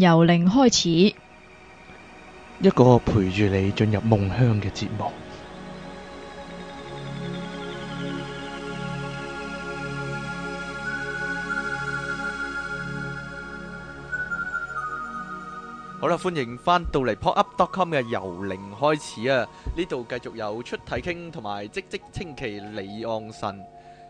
由零開始，一個陪住你進入夢鄉嘅節目。好啦，歡迎返到嚟 PodUp.com 嘅由零開始啊！呢度繼續有出題傾同埋積積清奇李昂臣。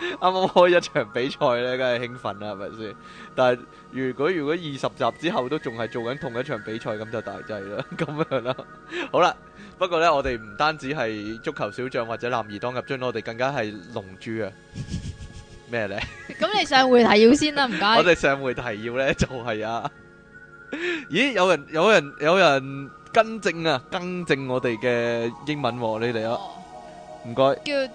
啱啱開一場比賽咧，梗係興奮啦，係咪先？但係如果如果二十集之後都仲係做緊同一場比賽，咁就大劑啦，咁樣啦。好啦，不過咧，我哋唔單止係足球小將或者男兒當入樽，我哋更加係龍珠啊！咩咧？咁你上回提要先啦，唔該。我哋上回提要咧就係啊，咦，有人有人有人更正啊，更正我哋嘅英文，你哋啊，唔該。叫。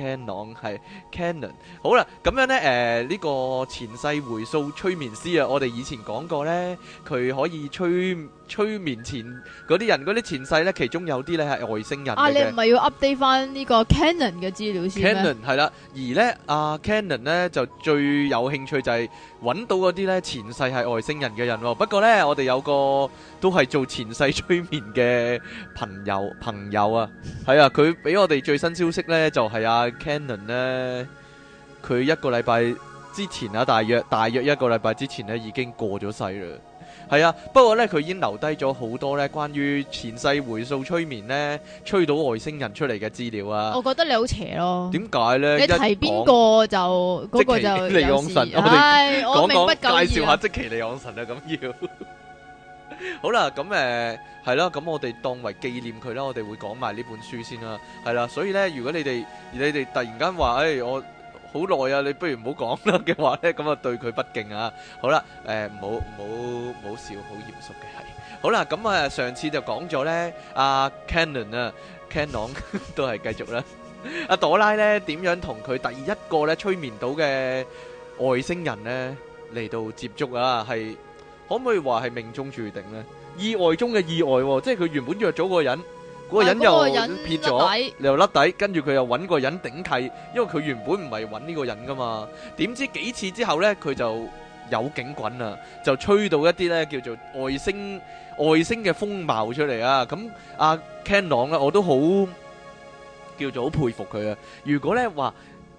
Canon 係 Canon，好啦，咁樣咧，誒、呃、呢、呢個前世回溯催眠師啊，我哋以前講過咧，佢可以催催眠前嗰啲人，嗰啲前世咧，其中有啲咧係外星人啊 Canon。啊，你唔係要 update 翻呢個 Canon 嘅資料先？Canon 係啦，而咧啊 Canon 咧就最有興趣就係揾到嗰啲咧前世係外星人嘅人，哦。不過咧，我哋有個都係做前世催眠嘅朋友朋友啊，係啊，佢俾我哋最新消息咧就係、是、啊。Canon 咧，佢一個禮拜之前啊，大約大約一個禮拜之前咧，已經過咗世啦。係啊，不過咧，佢已經留低咗好多咧關於前世回溯催眠咧，催到外星人出嚟嘅資料啊。我覺得你好邪咯。點解咧？你睇邊說個就嗰個就嚟養神。係，我不、啊、介紹下即奇你養神啊，咁要。 好啦，咁誒係咯，咁我哋當為紀念佢啦，我哋會講埋呢本書先啦，係啦，所以咧，如果你哋你哋突然間話，誒我好耐啊，你不如唔好講啦嘅話咧，咁啊對佢不敬啊，好啦，誒唔好唔好唔好笑，好嚴肅嘅係，好啦，咁啊上次就講咗咧，阿 Cannon 啊，Cannon 都係繼續啦，阿朵拉咧點樣同佢第一個咧催眠到嘅外星人咧嚟到接觸啊，係。可唔可以話係命中注定咧？意外中嘅意外，即係佢原本約咗個人，嗰個人又撇咗，你又甩底，跟住佢又揾個人頂替，因為佢原本唔係揾呢個人噶嘛。點知幾次之後咧，佢就有警棍啦，就吹到一啲咧叫做外星外星嘅風貌出嚟啊。咁阿 Ken 朗咧，我都好叫做好佩服佢啊。如果咧話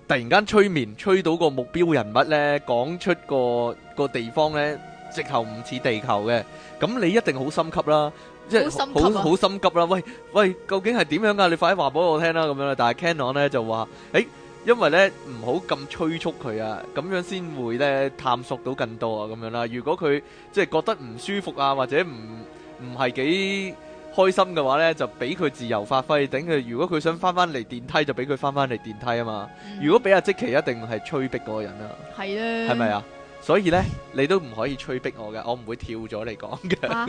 突然間催眠，吹到個目標人物咧，講出個個地方咧，直頭唔似地球嘅，咁你一定好心急啦，即係好好心急啦。喂喂，究竟係點樣啊？你快啲話俾我聽啦，咁樣啦。但係 Canon 咧就話，誒、欸，因為咧唔好咁催促佢啊，咁樣先會咧探索到更多啊，咁樣啦。如果佢即係覺得唔舒服啊，或者唔唔係幾開心嘅話咧，就俾佢自由發揮。等佢，如果佢想翻翻嚟電梯，就俾佢翻翻嚟電梯啊嘛。嗯、如果俾阿積奇，一定係催逼嗰個人啦。係啊，係咪是呢 啊？所以咧，你都唔可以吹逼我嘅，我唔會跳咗嚟講嘅。啊、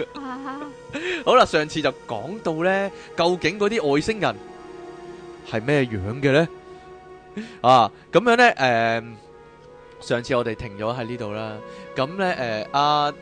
好啦，上次就講到咧，究竟嗰啲外星人係咩樣嘅咧？啊，咁樣咧，誒、呃，上次我哋停咗喺呢度啦。咁咧，誒、呃，阿、啊、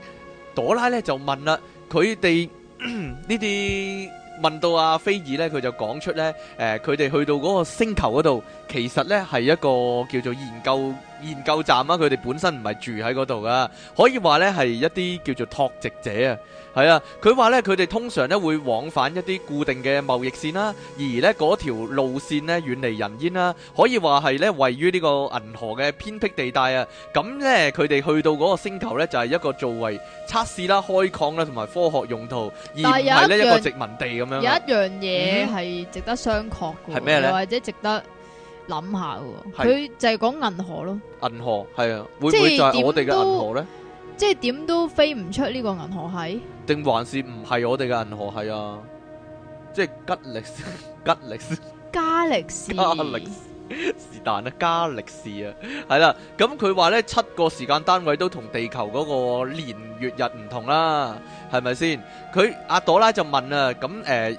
朵拉咧就問啦，佢哋呢啲問到阿菲爾咧，佢就講出咧，誒、呃，佢哋去到嗰個星球嗰度，其實咧係一個叫做研究。研究站啊，佢哋本身唔係住喺嗰度噶，可以話咧係一啲叫做拓殖者啊，係啊，佢話咧佢哋通常咧會往返一啲固定嘅貿易線啦，而咧嗰條路線咧遠離人煙啦，可以話係咧位於呢個銀河嘅偏僻地帶啊。咁咧佢哋去到嗰個星球咧就係一個作為測試啦、開礦啦同埋科學用途，而唔係咧一個殖民地咁樣。有一樣嘢係值得商榷嘅，係咩呢，或者值得。諗下噶，佢是就係講銀河咯銀河，銀河系啊，會唔會就係我哋嘅銀河咧？即係點都飛唔出呢個銀河系？定還是唔係我哋嘅銀河系啊？即係吉力斯，吉力士？加力士？加力士？係但咧，加力士啊，係 啦、啊。咁佢話咧七個時間單位都同地球嗰個年月日唔同啦，係咪先？佢阿朵拉就問啊。咁誒。呃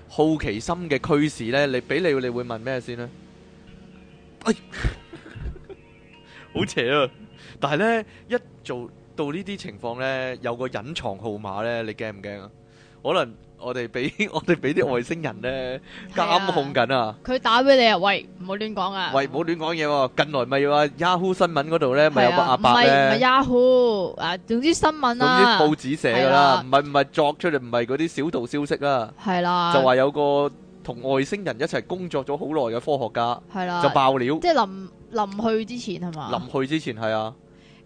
好奇心嘅驅使呢，你俾你你會問咩先呢？哎、 好邪啊！但係呢，一做到呢啲情況呢，有個隱藏號碼呢，你驚唔驚啊？可能。我哋俾我哋俾啲外星人咧監控緊啊！佢、啊、打俾你啊！喂，唔好亂講啊！喂，唔好亂講嘢喎！近來咪話 Yahoo 新聞嗰度咧，咪有個阿伯咧？唔係唔係 Yahoo 啊，總之新聞啊，報紙寫噶啦，唔係唔係作出嚟，唔係嗰啲小道消息啦啊！係啦，就話有個同外星人一齊工作咗好耐嘅科學家，係啦、啊，就爆料，即係臨臨去之前係嘛？臨去之前係啊，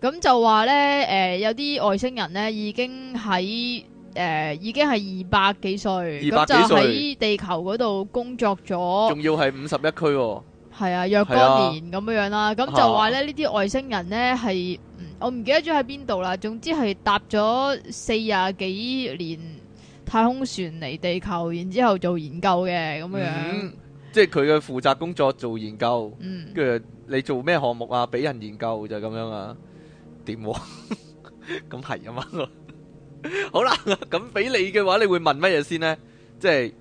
咁就話咧誒，有啲外星人咧已經喺。誒，uh，已經係二百幾歲，咁就喺地球嗰度工作咗，仲要係五十一區，係啊，若干年咁、啊、樣啦。咁就話咧，呢啲、啊、外星人咧係，我唔記得咗喺邊度啦。總之係搭咗四十幾年太空船嚟地球，然之後做研究嘅咁樣，嗯、即係佢嘅負責工作做研究。嗯，跟住你做咩項目啊？俾人研究就咁、是、樣啊？點、啊？咁係啊嘛。 好啦，咁俾你嘅話，你會問乜嘢先呢？即係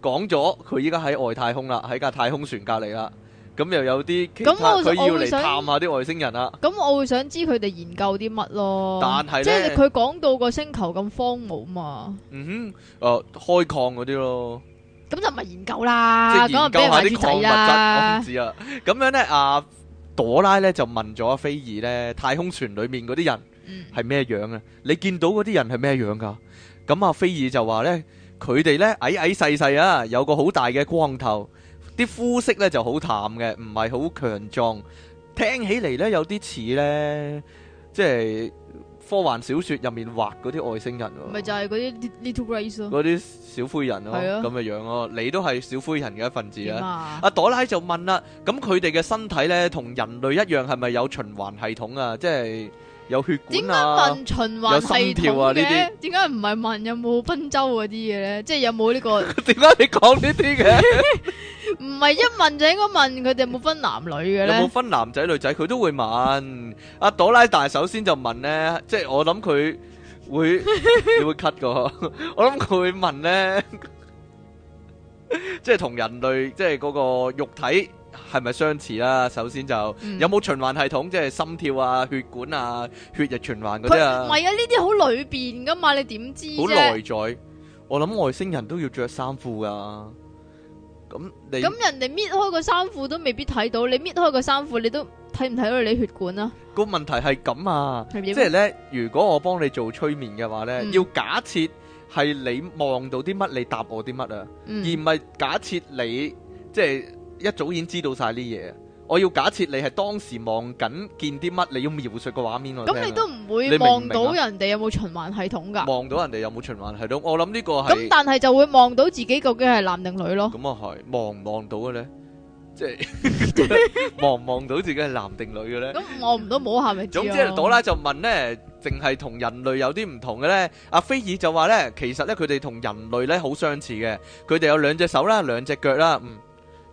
講咗佢依家喺外太空啦，喺架太空船隔籬啦，咁又有啲，咁我，我，我會想探下啲外星人啊。咁我會想知佢哋研究啲乜咯？但係即係佢講到個星球咁荒蕪嘛。嗯哼，誒、呃，開礦嗰啲咯。咁就唔係研究啦，即係研究一下啲礦物質。我唔知啊。咁樣咧，阿、啊、朵拉咧就問咗阿、啊、菲爾咧，太空船裏面嗰啲人。係咩樣啊？你見到嗰啲人係咩樣噶、啊？咁阿菲爾就話咧，佢哋咧矮矮細細啊，有個好大嘅光頭，啲膚色咧就好淡嘅，唔係好強壯，聽起嚟，咧有啲似咧，即係科幻小說入面畫嗰啲外星人、啊。咪就係嗰啲 Little Gray 嗰、啊、啲小灰人咯、啊，咁嘅、啊、樣咯、啊。你都係小灰人嘅一份子啊！阿朵、啊啊、拉就問啦，咁佢哋嘅身體咧同人類一樣係咪有循環系統啊？即係。有血管啊！點解問循環系統嘅！呢啲點解唔係問有冇賓州嗰啲嘢咧？即係有冇呢個？點解你講呢啲嘅？唔係一問就應該問佢哋有冇分男女嘅咧？有冇分男仔女仔？佢都會問。阿朵拉大首先就問咧，即係我諗佢會會 cut 㗎，我諗佢會問咧，即係同人類即係嗰個肉體。係咪相似啦、啊？首先就有冇循環系統，嗯、即係心跳啊、血管啊、血液循環嗰啲啊。唔係啊，呢啲好裏邊噶嘛，你點知啫？好內在。我諗外星人都要着衫褲噶。咁你咁人哋搣開個衫褲都未必睇到，你搣開個衫褲你都睇唔睇到你血管啊？個問題係咁啊，即係咧，如果我幫你做催眠嘅話咧，嗯、要假設係你望到啲乜，你答我啲乜啊，嗯、而唔係假設你即係。就是一早已經知道晒啲嘢，我要假設你係當時望緊見啲乜，你要描述個畫面我。咁你都唔會望到人哋有冇循環系統噶？望到人哋有冇循環系統，我諗呢個係。咁但係就會望到自己究竟係男定女咯。咁啊係，望唔望到嘅咧？即係望唔望到自己係男定女嘅咧？咁望唔到冇係咪？總之朵拉就問咧，淨係同人類有啲唔同嘅咧。阿菲爾就話咧，其實咧佢哋同人類咧好相似嘅，佢哋有兩隻手啦，兩隻腳啦，嗯。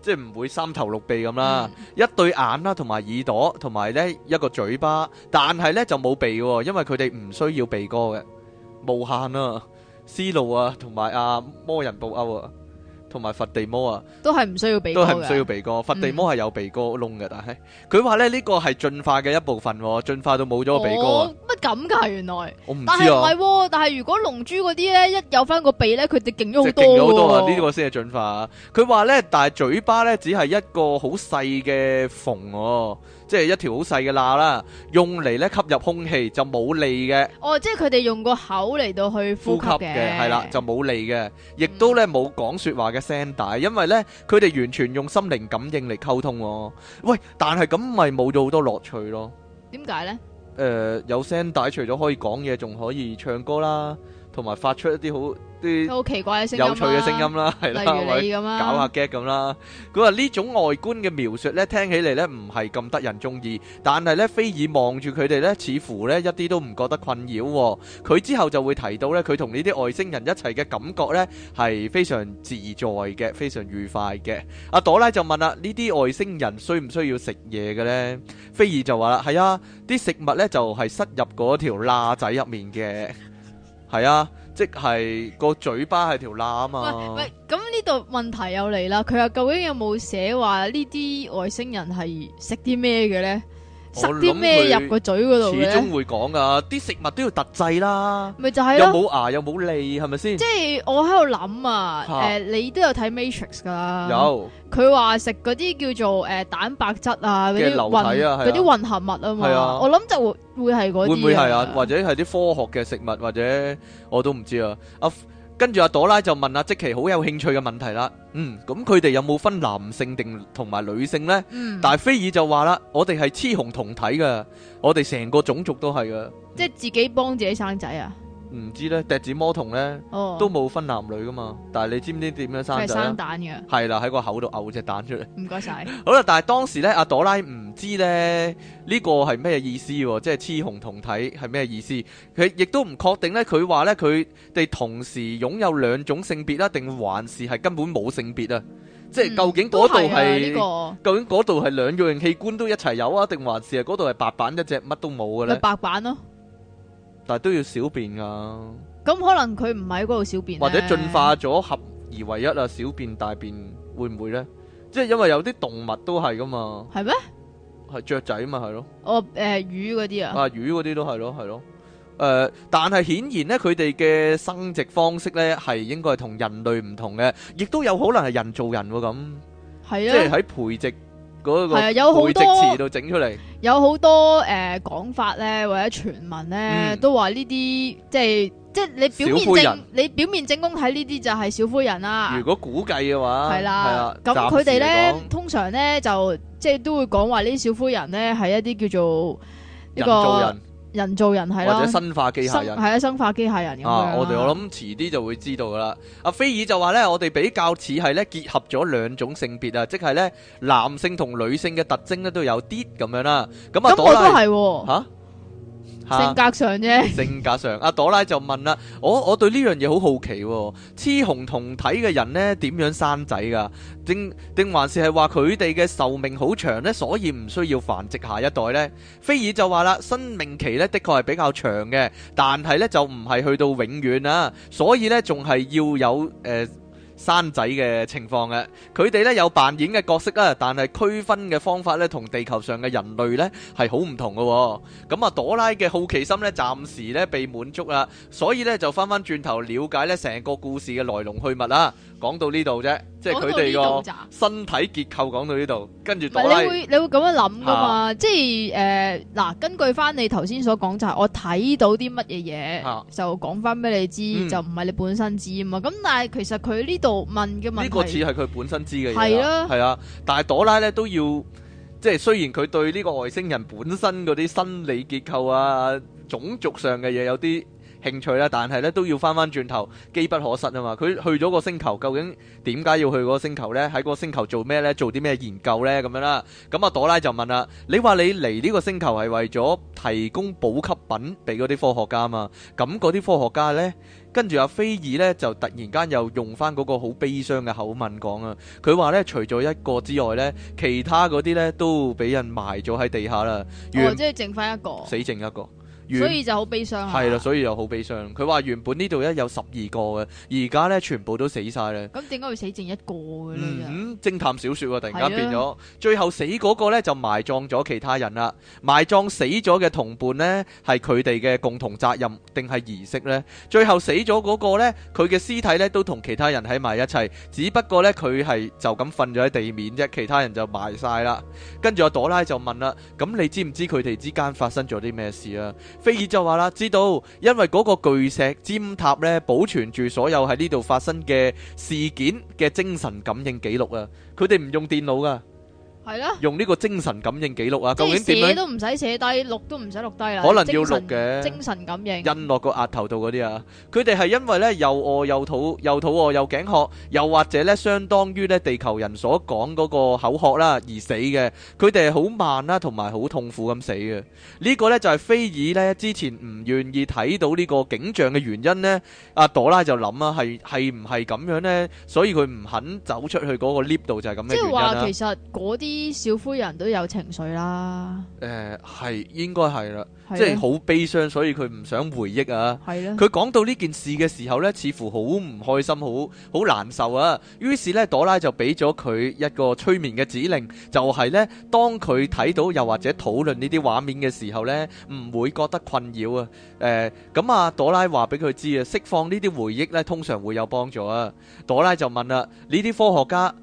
即係唔會三頭六臂咁啦，嗯、一對眼啦，同埋耳朵，同埋咧一個嘴巴，但係咧就冇鼻，因為佢哋唔需要鼻哥嘅，無限啊，思路啊，同埋阿魔人布歐啊。同埋佛地魔啊，都係唔需要鼻哥，都係唔需要鼻哥。嗯、佛地魔係有鼻哥窿嘅，但係佢話咧呢、呢個係進化嘅一部分，進化到冇咗個鼻哥，乜咁噶？原來我唔知、啊、但係、哦、如果龍珠嗰啲咧，一有翻個鼻咧，佢哋勁咗好多。勁咗好多啊！呢個先係進化。佢話咧，但係嘴巴咧只係一個好細嘅縫喎。即係一條好細嘅罅啦，用嚟咧吸入空氣，就冇脷嘅。哦，即係佢哋用個口嚟到去呼吸嘅，係啦，就冇脷嘅，亦都咧冇講說話嘅聲帶，因為咧佢哋完全用心靈感應嚟溝通。喂，但係咁咪冇咗好多樂趣咯？點解咧？誒、呃，有聲帶除咗可以講嘢，仲可以唱歌啦。同埋發出一啲好啲好奇怪嘅聲音、啊、有趣嘅聲音啦、啊，係啦，搞下 g 咁啦。佢話呢種外觀嘅描述咧，聽起嚟，咧唔係咁得人鍾意，但係咧，菲爾望住佢哋咧，似乎咧一啲都唔覺得困擾、哦。佢之後就會提到咧，佢同呢啲外星人一齊嘅感覺咧，係非常自在嘅，非常愉快嘅。阿、啊、朵拉就問啦、啊：呢啲外星人需唔需要食嘢嘅咧？菲爾就話啦：係啊，啲食物咧就係、是、塞入嗰條罅仔入面嘅。 係啊，即係個嘴巴係條罅啊！喂，咁呢度問題又嚟啦。佢又究竟有冇寫話呢啲外星人係食啲咩嘅呢？食啲咩入個嘴嗰度咧？始終會講噶，啲食物都要特製啦。咪就係咯，又冇牙又冇脷，係咪先？是是即係我喺度諗啊，誒哈、呃，你都有睇 Matrix 噶啦。有。佢話食嗰啲叫做誒蛋白質啊，嗰啲混嗰啲混合物啊嘛。係啊，我諗就會是那些會係嗰啲。會唔會係啊？或者係啲科學嘅食物，或者我都唔知啊。啊。跟住阿朵拉就問阿積奇好有興趣嘅問題啦，嗯，咁佢哋有冇分男性定同埋女性呢？嗯，但係菲爾就話啦，我哋係雌雄同體㗎，我哋成個種族都係㗎，嗯、即係自己幫自己生仔啊。唔知咧，笛子魔童咧，oh. 都冇分男女噶嘛？但係你知唔知點樣生仔咧？係生蛋嘅。係啦，喺個口度嘔隻蛋出嚟。唔該晒。 好啦，但係當時咧，阿朵拉唔知咧呢、這個係咩意思，即係雌雄同體係咩意思？佢亦都唔確定咧。佢話咧，佢哋同時擁有兩種性別啦、啊，定還是係根本冇性別啊？即係、嗯、究竟嗰度係究竟嗰度係兩樣器官都一齊有啊？定還是嗰度係白板一隻乜都冇嘅咧？白板咯。但係都要小便噶咁可能佢唔喺嗰度小便咧，或者進化咗合而為一啊，小便大便會唔會咧？即係因為有啲動物都係噶嘛，係咩？係雀仔嘛，係咯。哦，誒，魚嗰啲啊，啊，魚嗰啲都係咯，係咯，誒，但係顯然咧，佢哋嘅生殖方式咧係應該係同人類唔同嘅，亦都有可能係人造人咁，係啊，即係喺培植。係啊，有好多詞都整出嚟，有好多誒講、呃、法咧，或者傳聞咧，嗯、都話呢啲即係即係你表面證，你表面證供睇呢啲就係小灰人啦、啊。如果估計嘅話，係啦、啊，咁佢哋咧通常咧就即係都會講話呢啲小灰人咧係一啲叫做一、這個。人人造人係啦，或者生化機械人係啊，生化機械人咁、啊啊、我哋我諗遲啲就會知道噶啦。阿菲爾就話咧，我哋比較似係咧結合咗兩種性別啊，即係咧男性同女性嘅特徵咧都有啲咁樣啦。咁啊，多啦係吓。啊、性格上啫、 啊，性格上。阿朵拉就問啦，我我對呢樣嘢好好奇、啊，雌雄同體嘅人呢，點樣生仔噶？定定還是係話佢哋嘅壽命好長呢？所以唔需要繁殖下一代呢？菲爾就話啦，生命期呢，的確係比較長嘅，但係呢就唔係去到永遠啦、啊、所以呢，仲係要有誒。呃山仔嘅情況嘅，佢哋咧有扮演嘅角色啦，但係區分嘅方法咧同地球上嘅人類咧係好唔同嘅。咁、嗯、啊，朵拉嘅好奇心咧暫時咧被滿足啦，所以咧就翻翻轉頭了解咧成個故事嘅來龍去脈啦。講到呢度啫。即係佢哋個身體結構講到呢度，跟住朵拉。唔係，你會你會咁樣諗噶嘛？啊、即係誒，嗱、呃，根據翻你頭先所講就係，我睇到啲乜嘢嘢就講翻俾你知，就唔係你本身知嘛。咁、嗯、但係其實佢呢度問嘅問題，呢個似係佢本身知嘅嘢係啦，係啊，啊。但係朵拉咧都要，即係雖然佢對呢個外星人本身嗰啲生理結構啊、種族上嘅嘢有啲。興趣啦，但係咧都要翻翻轉頭，機不可失啊嘛！佢去咗個星球，究竟點解要去嗰個星球呢？喺嗰個星球做咩呢？做啲咩研究呢？咁樣啦。咁阿、啊、朵拉就問啦：你話你嚟呢個星球係為咗提供補給品俾嗰啲科學家啊嘛？咁嗰啲科學家呢，跟住阿菲爾呢，就突然間又用翻嗰個好悲傷嘅口吻講啊！佢話呢，除咗一個之外呢，其他嗰啲呢都俾人埋咗喺地下啦。哦，原⋯即係剩翻一個。死剩一個。遠所以就好悲傷係啦，所以又好悲傷。佢話原本呢度呢有十二個嘅，而家咧全部都死晒啦。咁點解會死剩一個嘅咧？嗯、偵探小說喎、啊，突然間變咗。的最後死嗰個咧就埋葬咗其他人啦。埋葬死咗嘅同伴呢係佢哋嘅共同責任定係儀式呢？最後死咗嗰個呢，佢嘅屍體呢都同其他人喺埋一齊，只不過呢，佢係就咁瞓咗喺地面啫，其他人就埋晒啦。跟住阿朵拉就問啦：咁你知唔知佢哋之間發生咗啲咩事啊？菲爾就話啦，知道，因為嗰個巨石尖塔咧，保存住所有喺呢度發生嘅事件嘅精神感應記錄啊，佢哋唔用電腦㗎。係咯，用呢個精神感應記錄啊，究竟點樣都唔使寫低，錄都唔使錄低啦。可能要錄嘅精神感應，印落個額頭度嗰啲啊。佢哋係因為咧又餓又肚又肚餓又頸渴，又或者咧相當於咧地球人所講嗰個口渴啦而死嘅。佢哋係好慢啦，同埋好痛苦咁死嘅。呢個咧就係菲爾咧之前唔願意睇到呢個景象嘅原因咧。阿朵拉就諗啊，係係唔係咁樣咧？所以佢唔肯走出去嗰個 lift 度就係咁嘅原因啦。即係話其實嗰啲。啲小灰人都有情緒啦,、呃、啦，誒係應該係啦，即係好悲傷，所以佢唔想回憶啊。係佢講到呢件事嘅時候呢，似乎好唔開心，好好難受啊。於是呢，朵拉就俾咗佢一個催眠嘅指令，就係、是、呢：當他看「當佢睇到又或者討論呢啲畫面嘅時候呢，唔會覺得困擾啊。誒、呃，咁啊，朵拉話俾佢知啊，釋放呢啲回憶呢，通常會有幫助啊。朵拉就問啦，呢啲科學家。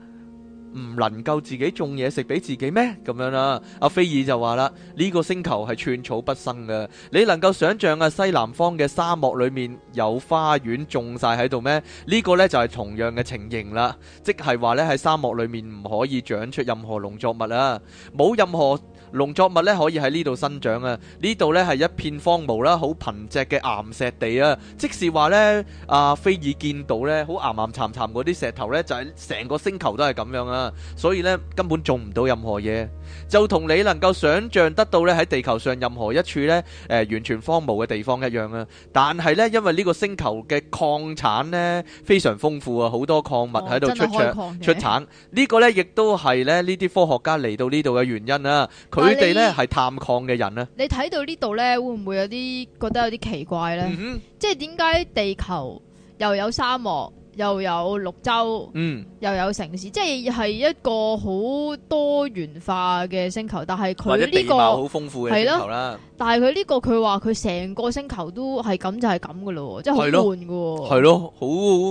唔能夠自己種嘢食俾自己咩？咁樣啦，阿菲爾就話啦：呢個星球係寸草不生嘅。你能夠想象啊，西南方嘅沙漠裏面有花園種晒喺度咩？呢個呢就係同樣嘅情形啦，即係話呢，喺沙漠裏面唔可以長出任何農作物啦，冇任何。農作物咧可以喺呢度生長啊！呢度呢係一片荒蕪啦，好貧瘠嘅岩石地啊！即係話呢，阿菲爾見到呢好岩岩巉巉嗰啲石頭呢，就係、是、成個星球都係咁樣啊！所以呢，根本種唔到任何嘢，就同你能夠想象得到呢喺地球上任何一處呢，誒、呃、完全荒蕪嘅地方一樣啊！但係呢，因為呢個星球嘅礦產呢，非常豐富啊，好多礦物喺度出,、哦、出產，出產呢、這個呢，亦都係咧呢啲科學家嚟到呢度嘅原因啊！佢。佢哋咧係探礦嘅人咧、啊，你睇到呢度咧，會唔會有啲覺得有啲奇怪咧？嗯嗯，即係點解地球又有沙漠，又有綠洲，嗯，又有城市，即係係一個好多元化嘅星球，但係佢呢個好豐富嘅星球啦。但係佢呢個，佢話佢成個星球都係咁就係咁噶咯，即係好悶噶，係咯，好。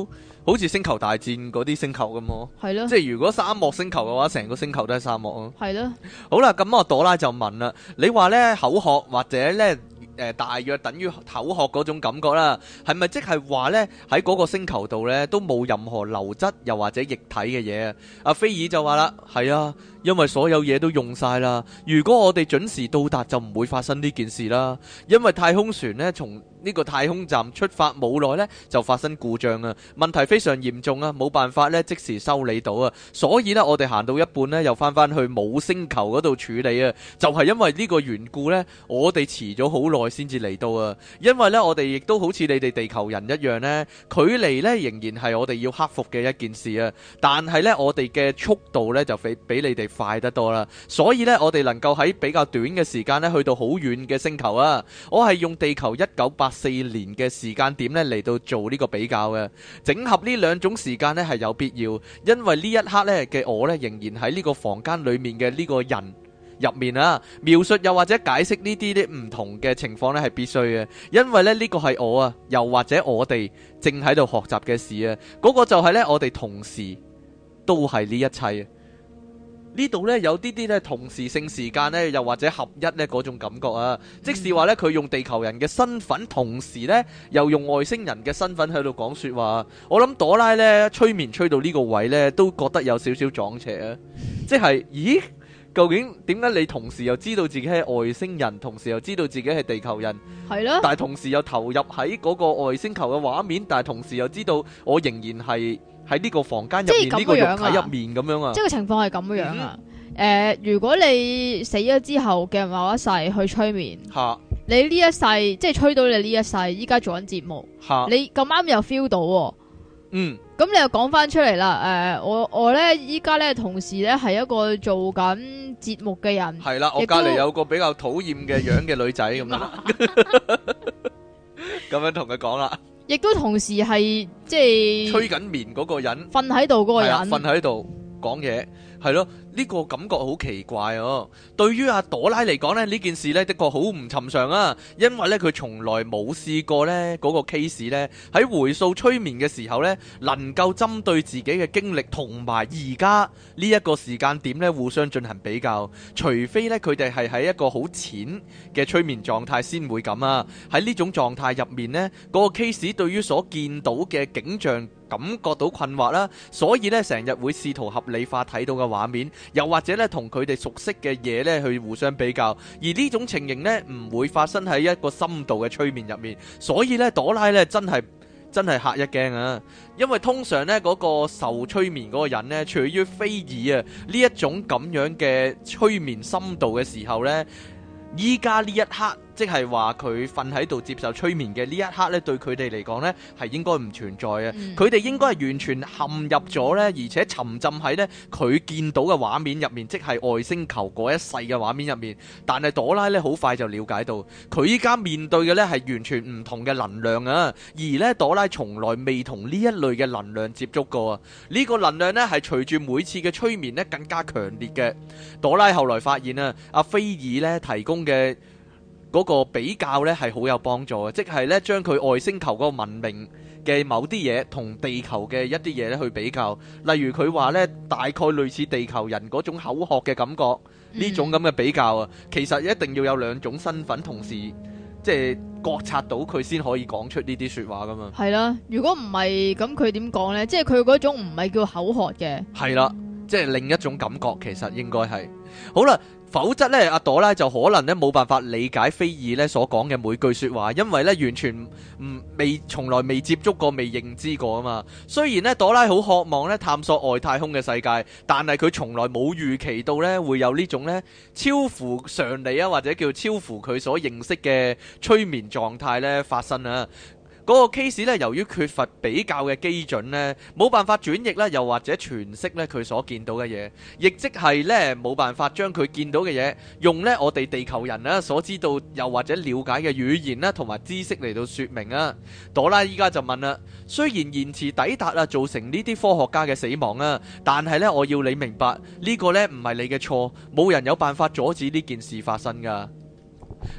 好好似星球大戰嗰啲星球咁咯，係咯，即係如果沙漠星球嘅話，成個星球都係沙漠咯，係咯。好啦，咁我朵拉就問啦，你話咧口渴或者咧？誒、呃，大約等於口渴種感覺啦，係咪即係話咧喺個星球度咧都冇任何流質又或者液體嘅嘢啊？阿菲爾就話啦，係啊，因為所有嘢都用晒啦。如果我哋準時到達，就唔會發生呢件事啦。因為太空船咧從呢個太空站出發冇耐咧就發生故障啊，問題非常嚴重啊，冇辦法咧即時修理到啊。所以咧我哋行到一半咧又翻翻去母星球度處理啊，就係、是、因為呢個緣故咧，我哋遲咗好耐。我先至嚟到啊，因為呢，我哋亦都好似你哋地球人一樣呢，距離呢仍然係我哋要克服嘅一件事啊。但係呢，我哋嘅速度呢就比比你哋快得多啦。所以呢，我哋能夠喺比較短嘅時間呢去到好遠嘅星球啊。我係用地球一九八四年嘅時間點呢嚟到做呢個比較嘅，整合呢兩種時間呢係有必要，因為呢一刻呢嘅我呢，仍然喺呢個房間裏面嘅呢個人。入面啊，描述又或者解釋呢啲啲唔同嘅情況呢係必須嘅，因為呢個係我啊，又或者我哋正喺度學習嘅事啊，嗰、那個就係呢，我哋同時都係呢一切。呢度呢，有啲啲同時性時間呢，又或者合一呢嗰種感覺啊，嗯、即使話呢，佢用地球人嘅身份同時呢，又用外星人嘅身份喺度講說話，我諗朵拉呢，催眠催到呢個位呢，都覺得有少少撞邪啊，即係咦？究竟點解你同時又知道自己係外星人，同時又知道自己係地球人，係咯、啊？但係同時又投入喺嗰個外星球嘅畫面，但係同時又知道我仍然係喺呢個房間入面呢個肉體入面咁樣啊？即係情況係咁樣啊？誒、啊嗯呃，如果你死咗之後嘅某一世去催眠，吓哈你呢一世即係催到你呢一世，依家做緊節目，吓哈你咁啱又 feel 到、哦，嗯。咁你又講翻出嚟啦？誒、呃，我我咧依家咧同時咧係一個做緊節目嘅人，係啦了，都我隔籬有個比較討厭嘅樣嘅女仔咁啦，咁 樣同佢講啦。亦 都同時係即係吹緊眠嗰個人，瞓喺度嗰個人，瞓喺度講嘢。係咯，呢個感覺好奇怪哦。對於阿朵拉嚟講呢，呢件事呢的確好唔尋常啊。因為呢，佢從來冇試過呢嗰個 case 呢喺回溯催眠嘅時候呢，能夠針對自己嘅經歷同埋而家呢一個時間點呢互相進行比較。除非呢，佢哋係喺一個好淺嘅催眠狀態先會咁啊。喺呢種狀態入面呢，嗰個 case 對於所見到嘅景象，感覺到困惑啦，所以咧成日會試圖合理化睇到嘅畫面，又或者咧同佢哋熟悉嘅嘢咧去互相比較，而呢種情形咧唔會發生喺一個深度嘅催眠入面，所以咧朵拉咧真係真係吓一驚啊！因為通常咧嗰個受催眠嗰個人咧處於菲爾啊呢一種咁樣嘅催眠深度嘅時候咧，依家呢一刻。即係話佢瞓喺度接受催眠嘅呢一刻呢，對佢哋嚟講呢，係應該唔存在嘅。佢哋、嗯、應該係完全陷入咗呢，而且沉浸喺呢佢見到嘅畫面入面，即係外星球嗰一世嘅畫面入面。但係朵拉呢，好快就了解到，佢依家面對嘅呢係完全唔同嘅能量啊！而呢朵拉從來未同呢一類嘅能量接觸過啊！呢、這個能量呢，係隨住每次嘅催眠呢，更加強烈嘅。朵拉後來發現啊，阿菲爾呢提供嘅。嗰個比較呢係好有幫助嘅，即係呢，將佢外星球嗰個文明嘅某啲嘢同地球嘅一啲嘢咧去比較，例如佢話呢，大概類似地球人嗰種口渴嘅感覺呢、嗯、呢種咁嘅比較啊,其實一定要有兩種身份同時即係覺察到佢先可以講出呢啲說話噶嘛係啦、啊,如果唔係咁佢點講呢？即係佢嗰種唔係叫口渴嘅。係啦、啊,即係另一種感覺，其實應該係好啦、啊。否則咧，阿朵拉就可能咧冇辦法理解菲爾咧所講嘅每句說話，因為咧完全唔未從來未接觸過、未認知過啊嘛。雖然咧朵拉好渴望咧探索外太空嘅世界，但係佢從來冇預期到咧會有呢種咧超乎常理啊，或者叫超乎佢所認識嘅催眠狀態咧發生啊。嗰個 case 咧，由於缺乏比較嘅基準呢，冇辦法轉譯呢，又或者詮釋咧佢所見到嘅嘢，亦即係咧冇辦法將佢見到嘅嘢用咧我哋地球人啦所知道又或者了解嘅語言啦同埋知識嚟到說明啊。朵拉依家就問啦，雖然延遲抵達啦造成呢啲科學家嘅死亡啊，但係咧我要你明白呢個咧唔係你嘅錯，冇人有辦法阻止呢件事發生噶。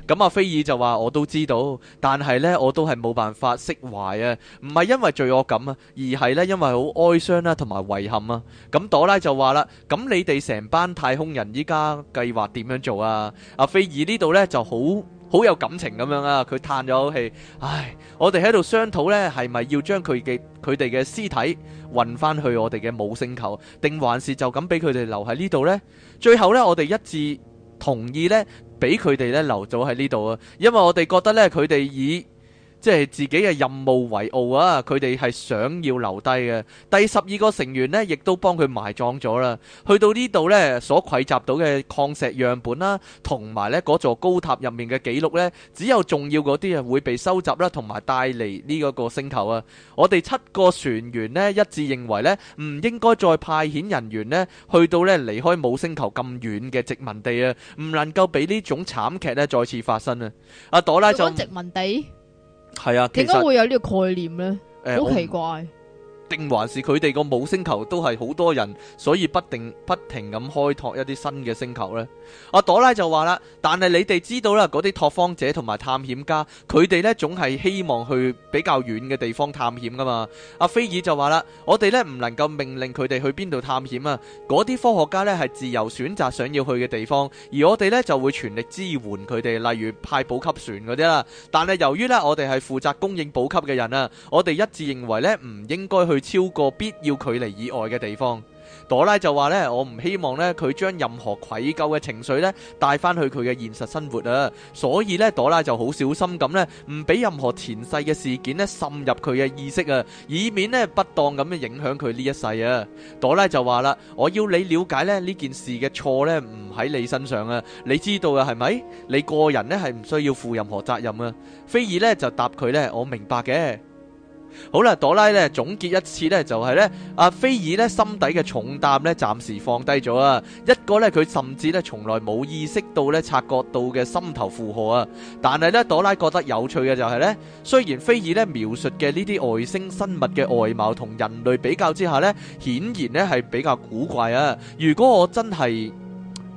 咁阿菲爾就話：我都知道，但係呢，我都係冇辦法釋懷啊！唔係因為罪惡感啊，而係呢，因為好哀傷啦，同埋遺憾啊。咁朵拉就話啦：，咁你哋成班太空人依家計劃點樣做啊？阿菲爾呢度呢就好好有感情咁樣啊，佢嘆咗口氣：，唉，我哋喺度商討呢，係咪要將佢嘅佢哋嘅屍體運翻去我哋嘅母星球，定還是就咁俾佢哋留喺呢度呢？最後呢，我哋一致。同意咧，俾佢哋咧留咗喺呢度啊，因為我哋覺得咧，佢哋以即係自己嘅任務為傲啊！佢哋係想要留低嘅。第十二個成員呢，亦都幫佢埋葬咗啦。去到呢度呢，所匯集到嘅礦石樣本啦、啊，同埋呢嗰座高塔入面嘅記錄呢，只有重要嗰啲啊會被收集啦，同埋帶嚟呢個星球啊。我哋七個船員呢，一致認為呢，唔應該再派遣人員呢去到呢離開母星球咁遠嘅殖民地啊！唔能夠俾呢種慘劇呢再次發生啊！阿朵拉就殖民地。係啊，點解會有呢個概念咧？好、欸、奇怪。定還是佢哋個母星球都係好多人，所以不定不停咁開拓一啲新嘅星球呢？阿、啊、朵拉就話啦：但係你哋知道啦，嗰啲拓荒者同埋探險家，佢哋呢總係希望去比較遠嘅地方探險噶嘛。阿、啊、菲爾就話啦：我哋呢唔能夠命令佢哋去邊度探險啊，嗰啲科學家呢係自由選擇想要去嘅地方，而我哋呢就會全力支援佢哋，例如派補給船嗰啲啦。但係由於呢，我哋係負責供應補給嘅人啊，我哋一致認為呢唔應該去。去超過必要距離以外嘅地方，朵拉就話咧：我唔希望咧，佢將任何愧疚嘅情緒咧帶翻去佢嘅現實生活啊。所以咧，朵拉就好小心咁咧，唔俾任何前世嘅事件咧滲入佢嘅意識啊，以免咧不當咁樣影響佢呢一世啊。朵拉就話啦：我要你了解咧呢件事嘅錯咧唔喺你身上啊，你知道啊，係咪？你個人咧係唔需要負任何責任啊。菲爾咧就答佢咧：我明白嘅。好啦，朵拉咧總結一次呢，就係呢，阿菲爾呢心底嘅重擔呢暫時放低咗啊。一個呢，佢甚至呢從來冇意識到呢察覺到嘅心頭負荷啊。但係呢，朵拉覺得有趣嘅就係呢，雖然菲爾呢描述嘅呢啲外星生物嘅外貌同人類比較之下呢，顯然呢係比較古怪啊。如果我真係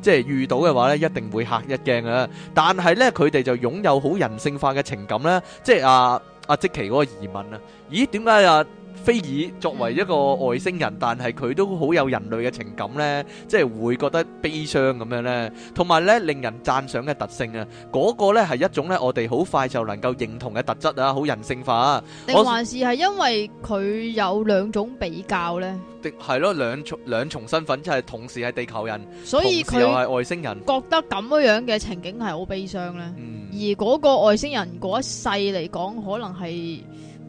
即係遇到嘅話呢，一定會嚇一驚啊。但係呢，佢哋就擁有好人性化嘅情感呢，即係啊。啊，即期嗰個疑問啊？咦，點解啊？菲爾作為一個外星人，但係佢都好有人類嘅情感咧，即係會覺得悲傷咁樣咧，同埋咧令人讚賞嘅特性啊，嗰個咧係一種咧我哋好快就能夠認同嘅特質啊，好人性化啊。定還是係因為佢有兩種比較咧？定係咯，兩兩重身份，即係同時係地球人，所以佢同時又係外星人，覺得咁樣樣嘅情景係好悲傷咧。而嗰個外星人嗰一世嚟講，可能係。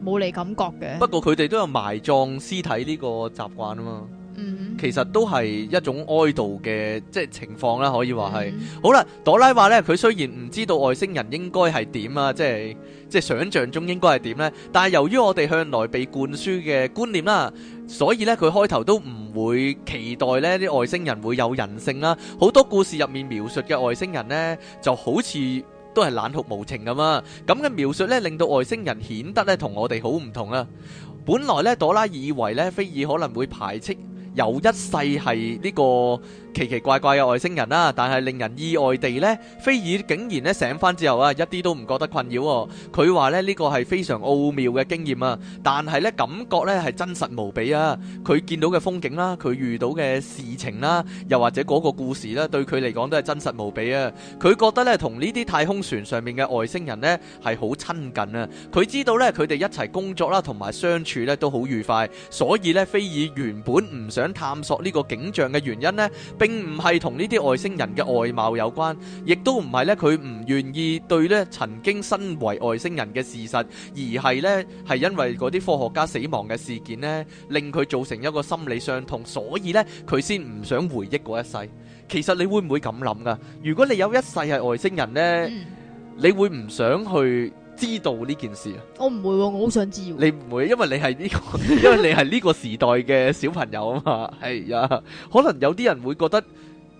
冇你感覺嘅，不過佢哋都有埋葬屍體呢個習慣啊嘛，嗯，其實都係一種哀悼嘅即係情況啦，可以話係。好啦，朵拉話咧，佢雖然唔知道外星人應該係點啊，即係即係想象中應該係點咧，但係由於我哋向來被灌輸嘅觀念啦，所以咧佢開頭都唔會期待咧啲外星人會有人性啦。好多故事入面描述嘅外星人咧，就好似。都係冷酷無情咁啊！咁嘅描述呢，令到外星人顯得呢同我哋好唔同啊！本來呢，朵拉以為呢，菲爾可能會排斥有一世係呢個。奇奇怪怪嘅外星人啦，但係令人意外地咧，菲爾竟然咧醒翻之後啊，一啲都唔覺得困擾。佢話咧呢個係非常奧妙嘅經驗啊，但係咧感覺咧係真實無比啊。佢見到嘅風景啦，佢遇到嘅事情啦，又或者嗰個故事呢，對佢嚟講都係真實無比啊。佢覺得咧同呢啲太空船上面嘅外星人咧係好親近啊。佢知道咧佢哋一齊工作啦，同埋相處咧都好愉快，所以咧菲爾原本唔想探索呢個景象嘅原因咧並唔係同呢啲外星人嘅外貌有關，亦都唔係咧佢唔願意對咧曾經身為外星人嘅事實，而係咧係因為嗰啲科學家死亡嘅事件咧令佢造成一個心理傷痛，所以咧佢先唔想回憶嗰一世。其實你會唔會咁諗噶？如果你有一世係外星人咧，你會唔想去？知道呢件事啊！我唔會，我好想知道。你唔會，因為你係呢個，因為你係呢個時代嘅小朋友啊嘛，係啊。可能有啲人會覺得，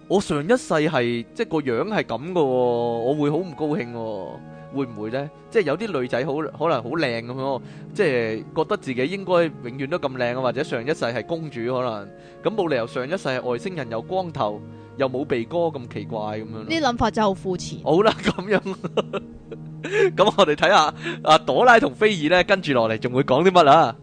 我上一世係即係個樣係咁噶，我會好唔高興，會唔會呢？即係有啲女仔好可能好靚咁樣，即係覺得自己應該永遠都咁靚啊，或者上一世係公主可能咁，冇理由上一世係外星人又光頭又冇鼻哥咁奇怪咁樣。呢諗法真係好膚淺。好啦，咁樣。咁 我哋睇下啊，朵拉同菲爾呢跟住落嚟，仲會講啲乜啊？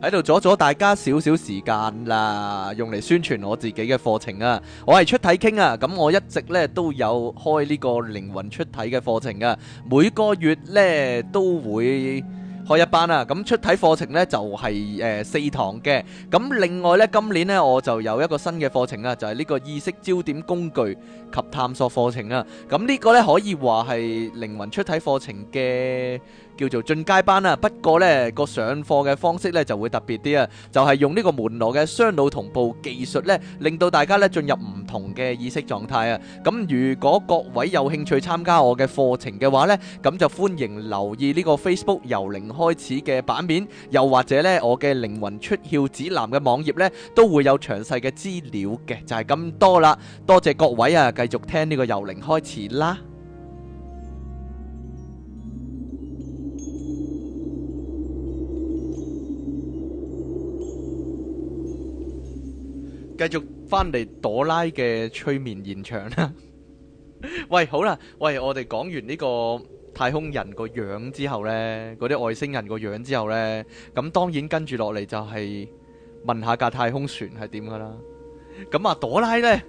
喺度 阻咗大家少少時間啦，用嚟宣傳我自己嘅課程啊！我係出體傾啊，咁我一直呢都有開呢個靈魂出體嘅課程啊，每個月呢都會。開一班啦，咁出體課程呢就係、是、誒、呃、四堂嘅，咁另外呢，今年呢我就有一個新嘅課程啦就係、是、呢個意識焦點工具及探索課程啊，咁呢個呢可以話係靈魂出體課程嘅。叫做進階班啊，不過呢個上課嘅方式呢就會特別啲啊，就係用呢個門羅嘅雙腦同步技術呢，令到大家呢進入唔同嘅意識狀態啊。咁如果各位有興趣參加我嘅課程嘅話呢，咁就歡迎留意呢個 Facebook 由零開始嘅版面，又或者呢我嘅靈魂出竅指南嘅網頁呢都會有詳細嘅資料嘅，就係咁多啦。多謝各位啊，繼續聽呢個由零開始啦。繼續翻嚟朵拉嘅催眠現場啦。 喂，好啦，喂，我哋講完呢個太空人個樣之後呢，嗰啲外星人個樣之後呢，咁當然跟住落嚟就係問下架太空船係點噶啦。咁啊，朵拉呢，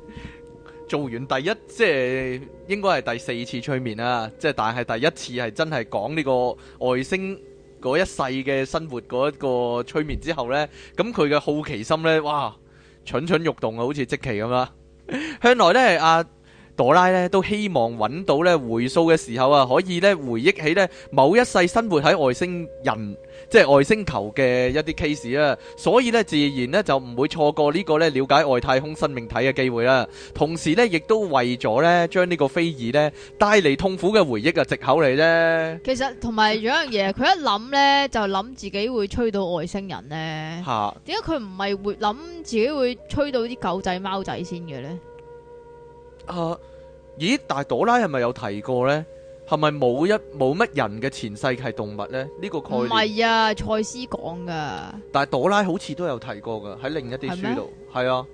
做完第一，即係應該係第四次催眠啦，即係但係第一次係真係講呢個外星嗰一世嘅生活嗰一個催眠之後呢，咁佢嘅好奇心呢，哇！蠢蠢欲動啊，好似即奇咁啦， 向來咧啊。朵拉咧都希望搵到咧回溯嘅時候啊，可以咧回憶起咧某一世生活喺外星人，即係外星球嘅一啲 case 啊，所以咧自然咧就唔會錯過呢個咧了解外太空生命體嘅機會啦。同時咧亦都為咗咧將呢個非議咧帶嚟痛苦嘅回憶啊，藉口嚟咧。其實同埋有一樣嘢，佢一諗咧就諗自己會吹到外星人咧，點解佢唔係會諗自己會吹到啲狗仔貓仔先嘅咧？啊？咦？但係朵拉係咪有提過呢？係咪冇一冇乜人嘅前世係動物呢？呢、這個概念唔係啊，蔡斯講噶。但係朵拉好似都有提過噶，喺另一啲書度係嗎啊。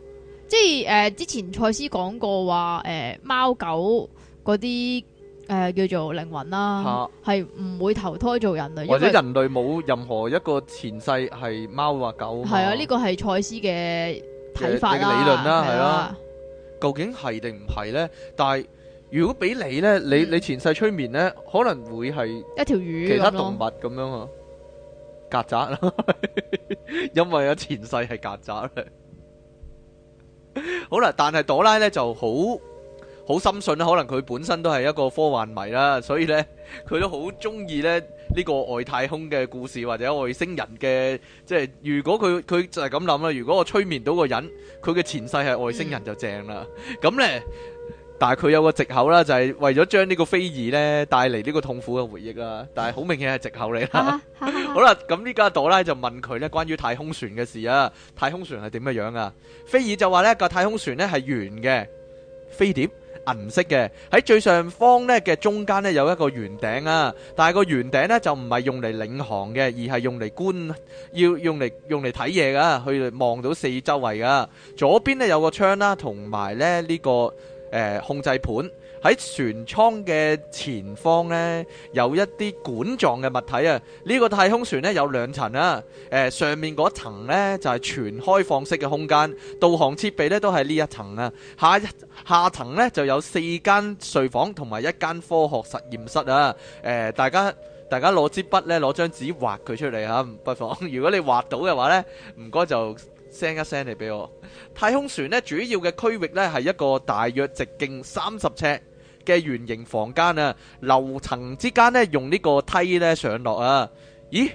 即係、呃、之前蔡斯講過話，誒、呃、貓狗嗰啲誒叫做靈魂啦、啊，係唔、啊、會投胎做人類。為或者人類冇任何一個前世係貓或狗。係啊，呢個係蔡斯嘅睇法理論啦，係咯。究竟係定唔係呢？但係如果俾你呢，你你前世催眠呢，可能會係一條魚，其他動物咁樣啊，曱甴啦，因為啊前世係曱甴呢。好啦，但係朵拉呢就好好深信啦，可能佢本身都係一個科幻迷啦，所以呢佢都好中意呢。呢個外太空嘅故事或者外星人嘅，即係如果佢佢就係咁諗啦。如果我催眠到個人，佢嘅前世係外星人就正啦。咁咧、嗯，但係佢有個藉口啦，就係、是、為咗將呢個菲爾咧帶嚟呢個痛苦嘅回憶啦。但係好明顯係藉口嚟啦。啊啊、 好啦，咁呢家朵拉就問佢咧關於太空船嘅事啊。太空船係點嘅樣啊？菲爾就話咧、呢個太空船咧係圓嘅。飛碟銀色嘅，喺最上方呢嘅中間呢，有一個圓頂啊，但係個圓頂呢就唔係用嚟領航嘅，而係用嚟觀，要用嚟用嚟睇嘢噶，去望到四周圍噶。左邊呢有個窗啦、這個，同埋咧呢個誒控制盤。喺船艙嘅前方呢，有一啲管狀嘅物體啊！呢個太空船呢，有兩層啊。呃、上面嗰層呢，就係全開放式嘅空間，導航設備呢，都係呢一層啊。下一下一層呢，就有四間睡房同埋一間科學實驗室啊！呃、大家大家攞支筆呢，攞張紙畫佢出嚟吓，不妨如果你畫到嘅話呢，唔該就 send 一 send 嚟俾我。太空船呢，主要嘅區域呢，係一個大約直徑三十尺。嘅圓形房間啊，樓層之間呢，用呢個梯咧上落啊，咦？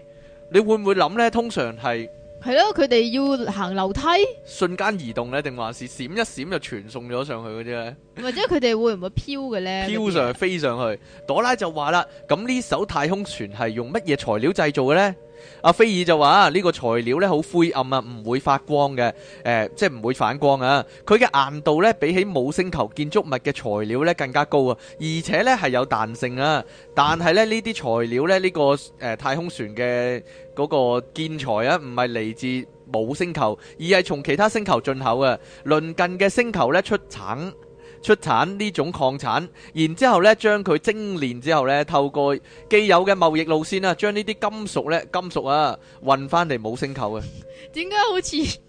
你會唔會諗呢？通常係係咯，佢哋要行樓梯，瞬間移動呢，定還是閃一閃就傳送咗上去嗰啲咧？或者佢哋會唔會飄嘅呢？飄上飛上去。 朵拉就話啦，咁呢艘太空船係用乜嘢材料製造嘅呢？阿菲爾就話：呢、這個材料咧好灰暗啊，唔會發光嘅，誒、呃，即係唔會反光啊。佢嘅硬度咧比起母星球建築物嘅材料咧更加高啊，而且咧係有彈性啊。但係咧呢啲材料咧呢、這個誒、呃、太空船嘅嗰個建材啊，唔係嚟自母星球，而係從其他星球進口嘅鄰近嘅星球咧出產。出產呢種礦產，然後呢將精之後呢將佢精煉之後呢，透過既有嘅貿易路線啦、啊，將呢啲金屬呢金屬啊運翻嚟冇星球嘅。點解好似？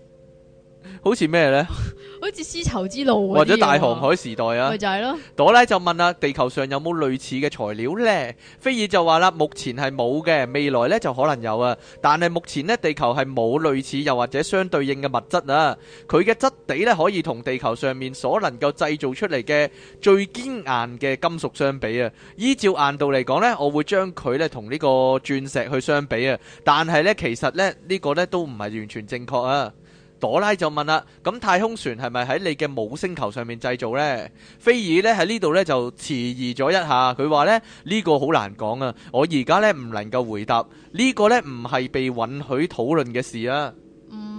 好似咩呢？ 好似絲綢之路或者大航海時代啊，就係囉，朵拉就問啦：地球上有冇類似嘅材料呢？」菲爾就話啦：目前係冇嘅，未來呢就可能有啊。但係目前呢，地球係冇類似又或者相對應嘅物質啊。佢嘅質地呢，可以同地球上面所能夠製造出嚟嘅最堅硬嘅金屬相比啊。依照硬度嚟講呢，我會將佢呢同呢個鑽石去相比啊。但係呢，其實呢，呢個呢都唔係完全正確啊。朵拉就問啦：咁太空船係咪喺你嘅母星球上面製造呢？菲爾呢喺呢度呢就遲疑咗一下，佢話呢呢個好難講啊！我而家呢唔能夠回答呢，呢個呢唔係被允許討論嘅事啊！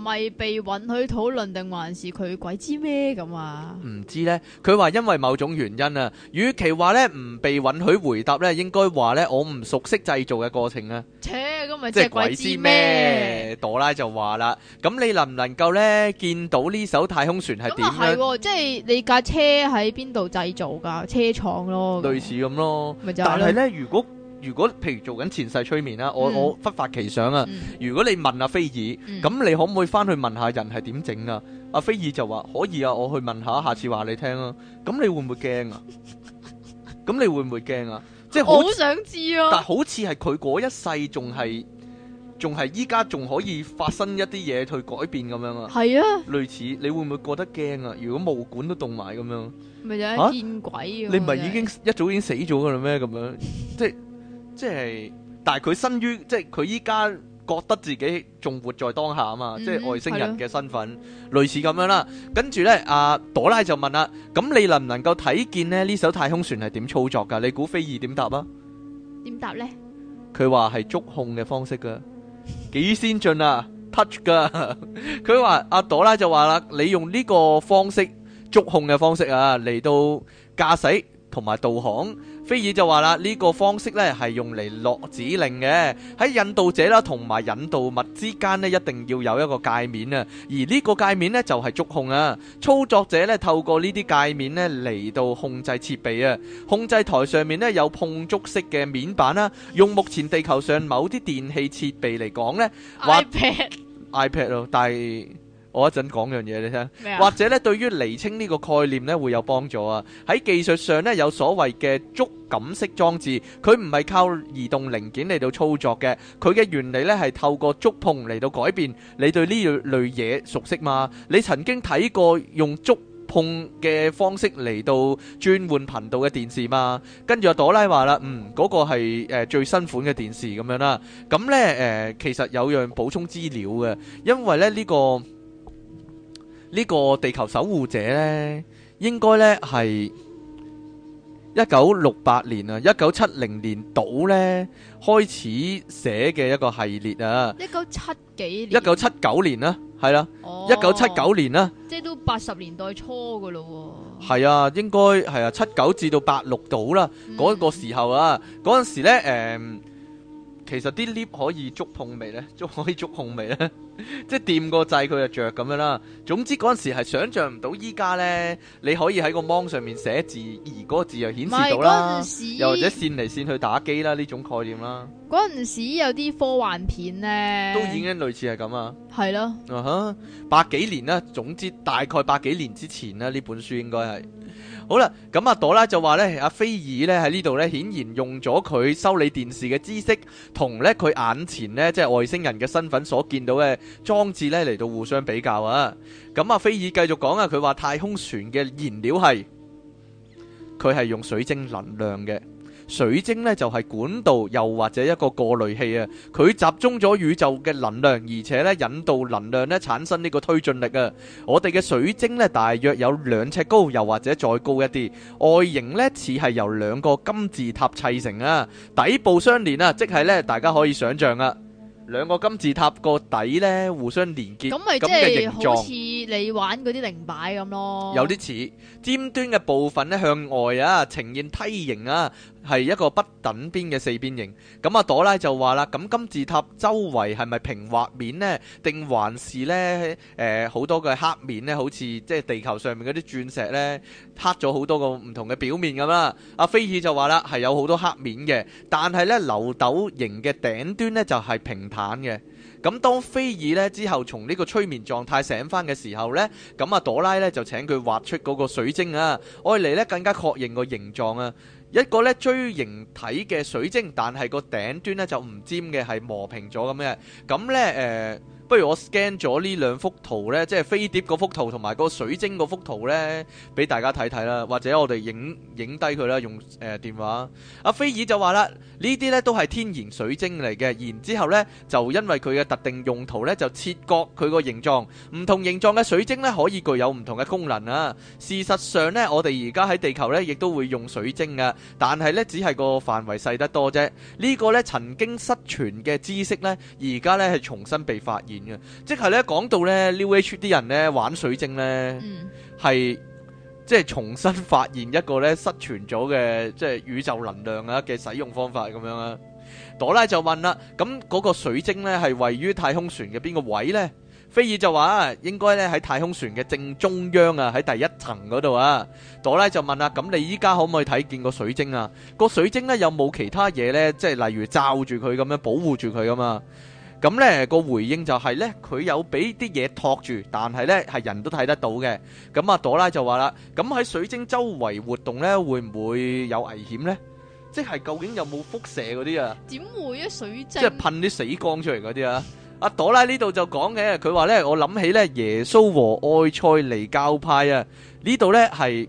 係被允許討論定還是佢鬼知咩咁啊？唔知呢，佢話因為某種原因啊，與其話咧唔被允許回答咧，應該話咧我唔熟悉製造嘅過程啊。扯咁咪即係鬼知咩，呃？朵拉就話啦，咁你能唔能夠咧見到呢艘太空船係點樣？咁係，即係你架車喺邊度製造噶？車廠咯，類似咁咯。但係咧，如果如果譬如做緊前世催眠啦，我我忽發奇想啊！如果你問阿菲爾，咁你可唔可以翻去問下人係點整㗎？阿菲爾就話可以啊，我去問下，下次話你聽啦。咁你會唔會驚啊？咁你會唔會驚啊？即係我好想知啊！但係好似係佢嗰一世仲係仲係依家仲可以發生一啲嘢去改變咁樣啊？係啊，類似你會唔會覺得驚啊？如果毛管都凍埋咁樣，咪就係見鬼嘅。你唔係已經一早已經死咗㗎喇咩？咁樣即係。即係，但係佢，身於即係佢依家覺得自己仲活在當下啊嘛，嗯、即係外星人嘅身份了類似咁樣啦。跟住呢，阿、啊、朵拉就問啦，啊，咁你能唔能夠睇見呢呢艘太空船係點操作噶？你估飛兒點答啊？點答呢？」佢話係觸控嘅方式噶，幾先進啊 ，touch 噶的。佢話阿朵拉就話啦，你用呢個方式觸控嘅方式啊，嚟到駕駛同埋導航。菲爾就話啦，呢個方式呢係用嚟落指令嘅，喺引導者啦同埋引導物之間呢一定要有一個界面啊，而呢個界面呢就係觸控啊，操作者呢透過呢啲界面呢嚟到控制設備啊，控制台上面呢有碰觸式嘅面板啦，用目前地球上某啲電器設備嚟講呢 iPad iPad 咯，但係。我一陣講樣嘢，你聽，或者咧對於厘清呢個概念咧會有幫助啊。喺技術上咧有所謂嘅觸感式裝置，佢唔係靠移動零件嚟到操作嘅，佢嘅原理咧係透過觸碰嚟到改變你對呢類嘢熟悉。嘛？你曾經睇過用觸碰嘅方式嚟到轉換頻道嘅電視嘛？跟住阿朵拉話啦，嗯，嗰個係誒最新款嘅電視咁樣啦。咁咧誒，其實有樣補充資料嘅，因為咧呢個。呢個地球守護者呢，應該呢係一九六八年啊，一九七零年到呢開始寫嘅一個系列啊。一九七幾年？一九七九年啦、啊，係啦、啊。一九七九年啦、啊。即係都八十年代初嘅咯喎。係啊，應該係啊，七九至到八六到啦。嗰、那個時候啊，嗰陣、mm. 時咧、嗯，其實啲 lift 可以觸碰未呢？仲可以觸碰未呢？ 即係掂個掣佢就着咁樣啦，總之嗰陣時係想象唔到依家呢，你可以喺個芒上面寫字，而嗰個字又顯示到啦，又或者線嚟線去打機啦，呢種概念啦。嗰陣時有啲科幻片呢，都已經類似係咁啊，係咯，啊哈，百幾年啦，總之大概百幾年之前啦，呢本書應該係。好啦，咁、嗯、啊朵拉就話呢，阿菲爾呢喺呢度呢顯然用咗佢修理電視嘅知識，同呢佢眼前呢即係外星人嘅身份所見到嘅裝置呢嚟到互相比較啊。咁、嗯、阿菲爾繼續講啊，佢話太空船嘅燃料係，佢係用水晶能量嘅。水晶呢就係、是、管道，又或者一個過濾器啊！佢集中咗宇宙嘅能量，而且呢引導能量呢產生呢個推進力啊！我哋嘅水晶呢，大約有兩尺高，又或者再高一啲，外形呢似係由兩個金字塔砌成啊，底部相連啊，即係呢大家可以想象啊，兩個金字塔個底呢互相連結咁嘅形狀。咁咪即係好似你玩嗰啲零擺咁咯？有啲似尖端嘅部分呢向外啊，呈現梯形啊。係一個不等邊嘅四邊形。咁阿朵拉就話啦，咁金字塔周圍係咪平滑面呢？定還是呢？誒、呃，好多嘅黑面呢，好似即係地球上面嗰啲鑽石呢，黑咗好多個唔同嘅表面咁啦。阿、啊、菲爾就話啦，係有好多黑面嘅，但係呢，漏斗形嘅頂端呢，就係、是、平坦嘅。咁當菲爾呢，之後從呢個催眠狀態醒翻嘅時候呢，咁阿朵拉呢，就請佢畫出嗰個水晶啊，用嚟呢，更加確認個形狀啊。一個咧錐形體嘅水晶，但係個頂端咧就唔尖嘅，係磨平咗咁嘅，咁咧誒。呃不如我 scan 咗呢兩幅圖咧，即係飛碟幅圖同埋嗰個水晶幅圖咧，俾大家睇睇啦，或者我哋影影低佢啦，用誒、呃、電話。阿飛爾就話啦，呢啲咧都係天然水晶嚟嘅，然之後咧就因為佢嘅特定用途咧，就切割佢個形狀，唔同形狀嘅水晶咧，可以具有唔同嘅功能啊。事實上咧，我哋而家喺地球咧，亦都會用水晶啊，但係咧只係個範圍細得多啫。呢個咧曾經失傳嘅知識咧，而家咧係重新被發現。即係咧，講到咧 New Age 啲人咧玩水晶咧，係、嗯、即係重新發現一個咧失傳咗嘅即係宇宙能量啊嘅使用方法咁樣啊。朵拉就問啦：「咁嗰個水晶咧係位於太空船嘅邊個位呢？」菲爾就話啊，應該咧喺太空船嘅正中央啊，喺第一層嗰度啊。朵拉就問啦：，咁你依家可唔可以睇見個水晶啊？個水晶咧有冇其他嘢？咧即係例如罩住佢咁樣保護住佢咁啊？咁咧個回應就係咧，佢有俾啲嘢託住，但係咧係人都睇得到嘅。咁啊朵拉就話啦：，咁喺水晶周圍活動咧，會唔會有危險咧？即係究竟有冇輻射嗰啲啊？點會啊？水晶即係噴啲死光出嚟嗰啲啊！阿朵拉呢度就講嘅，佢話咧，我諗起咧耶穌和愛塞尼教派啊，呢度咧係。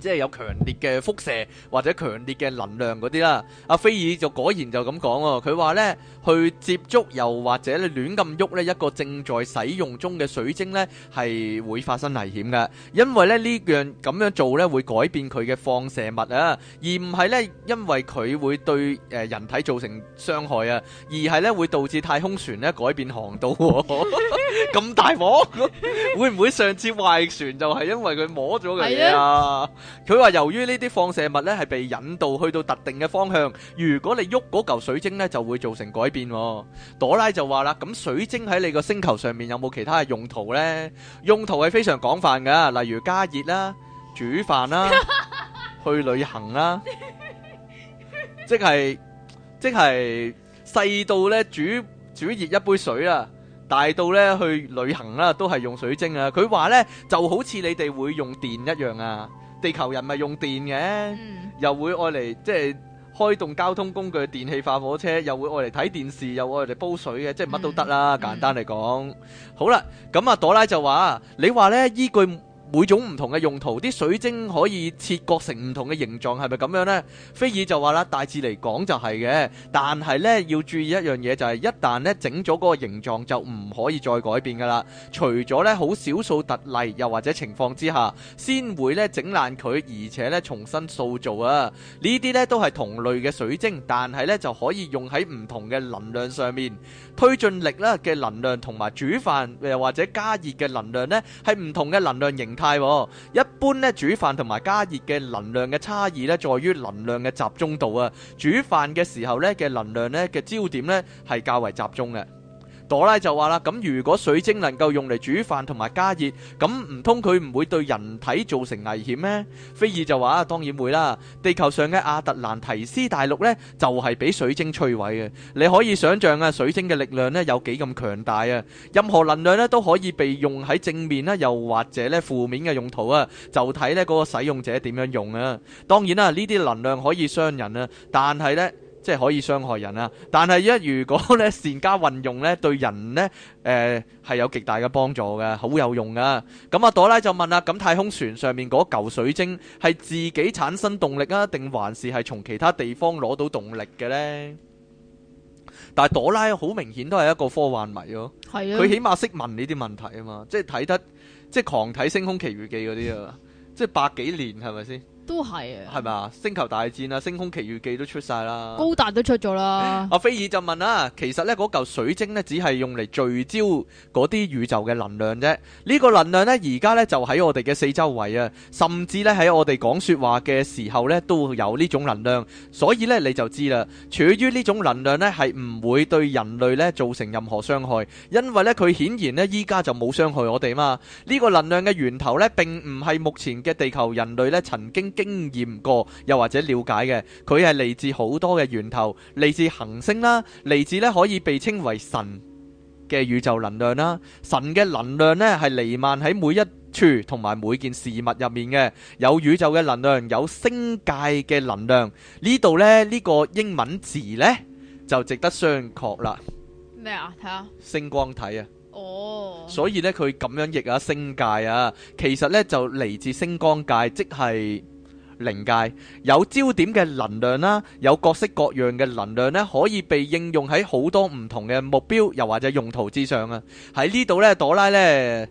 即係有強烈嘅輻射或者強烈嘅能量嗰啲啦，阿菲爾就果然就咁講喎，佢話呢，去接觸又或者你亂咁喐呢一個正在使用中嘅水晶呢係會發生危險嘅，因為咧呢樣咁樣做呢會改變佢嘅放射物啊，而唔係呢因為佢會對誒人體造成傷害啊，而係呢會導致太空船呢改變航道，咁大鑊，會唔會上次壞船就係因為佢摸咗嘅嘢啊？佢話由於呢啲放射物呢係被引導去到特定嘅方向，如果你喐嗰嚿水晶呢就會造成改變。朵拉就話啦，咁水晶喺你個星球上面有冇其他嘅用途呢？用途係非常廣泛噶，例如加熱啦、啊、煮飯啦、啊 啊啊、去旅行啦、啊，即係即係細到咧煮煮熱一杯水啦，大到咧去旅行啦都係用水晶啊！佢話呢就好似你哋會用電一樣啊，地球人咪用電嘅，又會愛嚟即係。開動交通工具的電氣化火車，又會愛嚟睇電視，又愛嚟煲水嘅，即係乜都得啦。簡單嚟講， 好啦，咁、嗯、啊朵拉就話：你話呢依據每種唔同嘅用途，啲水晶可以切割成唔同嘅形狀，係咪咁樣呢？菲爾就話啦，大致嚟講就係、是、嘅，但係呢，要注意一樣嘢、就是，就係一旦呢整咗嗰個形狀就唔可以再改變噶啦，除咗呢好少數特例又或者情況之下，先會呢整爛佢，而且呢重新塑造啊。這些呢啲呢都係同類嘅水晶，但係呢就可以用喺唔同嘅能量上面，推進力啦嘅能量同埋煮飯又或者加熱嘅能量呢，係唔同嘅能量型。一般咧，煮飯同埋加熱嘅能量嘅差異咧，在於能量嘅集中度啊！煮飯嘅時候咧嘅能量咧嘅焦點咧係較為集中嘅。朵拉就話啦：咁如果水晶能夠用嚟煮飯同埋加熱，咁唔通佢唔會對人體造成危險咩？菲爾就話：當然會啦。地球上嘅亞特蘭提斯大陸呢，就係俾水晶摧毀嘅。你可以想象啊，水晶嘅力量呢，有幾咁強大啊！任何能量呢，都可以被用喺正面啦，又或者咧負面嘅用途啊，就睇呢嗰個使用者點樣用啊。當然啦，呢啲能量可以傷人啊，但係呢……」即係可以傷害人啦、啊，但係一如果咧善加運用咧，對人呢誒係、呃、有極大嘅幫助嘅，好有用噶。咁啊，朵、嗯、拉就問啦、啊：「咁太空船上面嗰嚿水晶係自己產生動力啊，定還是係從其他地方攞到動力嘅呢？」但係朵拉好明顯都係一個科幻迷咯、啊，佢的起碼識問呢啲問題啊嘛，即係睇得即係狂睇《星空奇遇記》嗰啲啊，即係百幾年係咪先？是都係、啊，係嘛？星球大戰啊，星空奇遇記都出晒啦，高達都出咗啦。阿、啊、菲爾就問啦、啊，其實呢，嗰嚿水晶呢，只係用嚟聚焦嗰啲宇宙嘅能量啫。呢、個能量呢，而家呢，就喺我哋嘅四周圍啊，甚至呢，喺我哋講說話嘅時候呢，都有呢種能量。所以呢，你就知啦，處於呢種能量呢，係唔會對人類呢，造成任何傷害，因為呢，佢顯然呢，依家就冇傷害我哋嘛。呢、個能量嘅源頭呢，並唔係目前嘅地球人類呢曾經。經驗過又或者了解嘅，佢係嚟自好多嘅源頭，嚟自恒星啦，嚟自咧可以被稱為神嘅宇宙能量啦。神嘅能量咧係彌漫喺每一處同埋每件事物入面嘅，有宇宙嘅能量，有星界嘅能量。呢度咧呢個英文字咧就值得商榷啦。咩啊？睇下星光體啊。哦。所以咧佢咁樣譯啊星界啊，其實咧就嚟自星光界，即係。靈界有焦點嘅能量啦，有各式各樣嘅能量呢，可以被應用喺好多唔同嘅目標，又或者用途之上啊。喺呢度呢，朵拉呢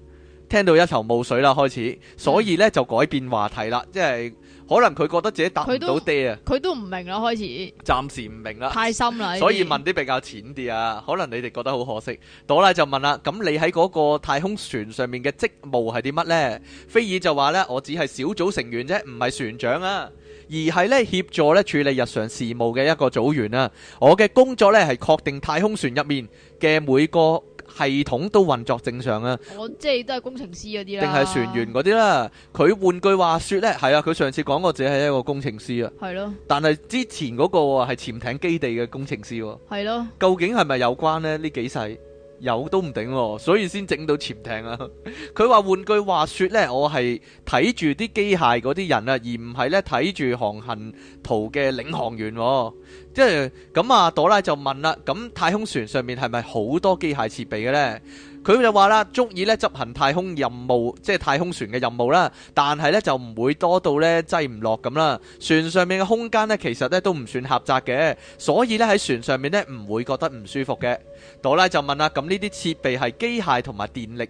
聽到一頭霧水啦，開始，所以呢就改變話題啦，即係。可能佢覺得自己答唔到爹啊，佢都唔明啦，開始暫時唔明啦，太深啦，所以問啲比較淺啲啊。可能你哋覺得好可惜，朵拉就問啦：咁你喺嗰個太空船上面嘅職務係啲乜呢？菲爾就話呢：我只係小組成員啫，唔係船長啊，而係呢協助呢處理日常事務嘅一個組員啊。我嘅工作呢係確定太空船入面嘅每個系統都運作正常啊！我即係都係工程師嗰啲啊，定係船員嗰啲啦。佢換句話說咧，係啊，佢上次講過自己係一個工程師啊。係咯。但係之前嗰個喎係潛艇基地嘅工程師喎。係咯。究竟係咪有關咧？呢幾世？有都唔定喎，哦，所以先整到潛艇啊！佢話換句話說呢，我係睇住啲機械嗰啲人啦，啊，而唔係呢睇住航行圖嘅領航員，哦。即係咁啊，朵拉就問啦，咁、嗯、太空船上面係咪好多機械設備嘅呢？」佢就話啦，足以咧，執行太空任務，即係太空船嘅任務啦。但係咧就唔會多到咧，擠唔落咁啦。船上面嘅空間咧其實咧都唔算狹窄嘅，所以咧喺船上面咧唔會覺得唔舒服嘅。朵拉就問啦，咁呢啲設備係機械同埋電力？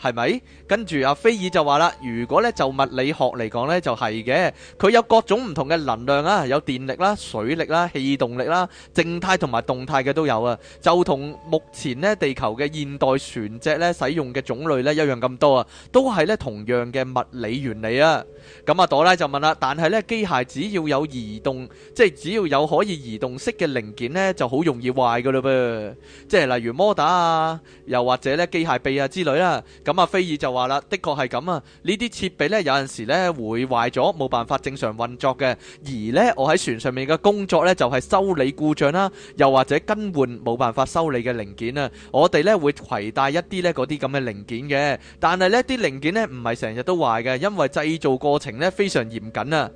係咪？跟住阿菲爾就話啦，如果咧就物理學嚟講咧就係嘅，佢有各種唔同嘅能量啊，有電力啦、水力啦、氣動力啦、靜態同埋動態嘅都有啊，就同目前呢地球嘅現代船隻咧使用嘅種類咧一樣咁多啊，都係咧同樣嘅物理原理啊。咁阿朵拉就問啦，但係咧機械只要有移動，即係只要有可以移動式嘅零件咧，就好容易壞噶啦噃，即係例如摩打啊，又或者咧機械臂啊之類啦。咁阿菲爾就話啦，的確係咁啊，呢啲設備呢，有陣時呢會壞咗，冇辦法正常運作嘅。而呢，我喺船上面嘅工作呢，就係修理故障啦，又或者更換冇辦法修理嘅零件啊。我哋呢會攜帶一啲呢嗰啲咁嘅零件嘅，但係呢啲零件呢，唔係成日都壞嘅，因為製造過程呢非常嚴謹啊，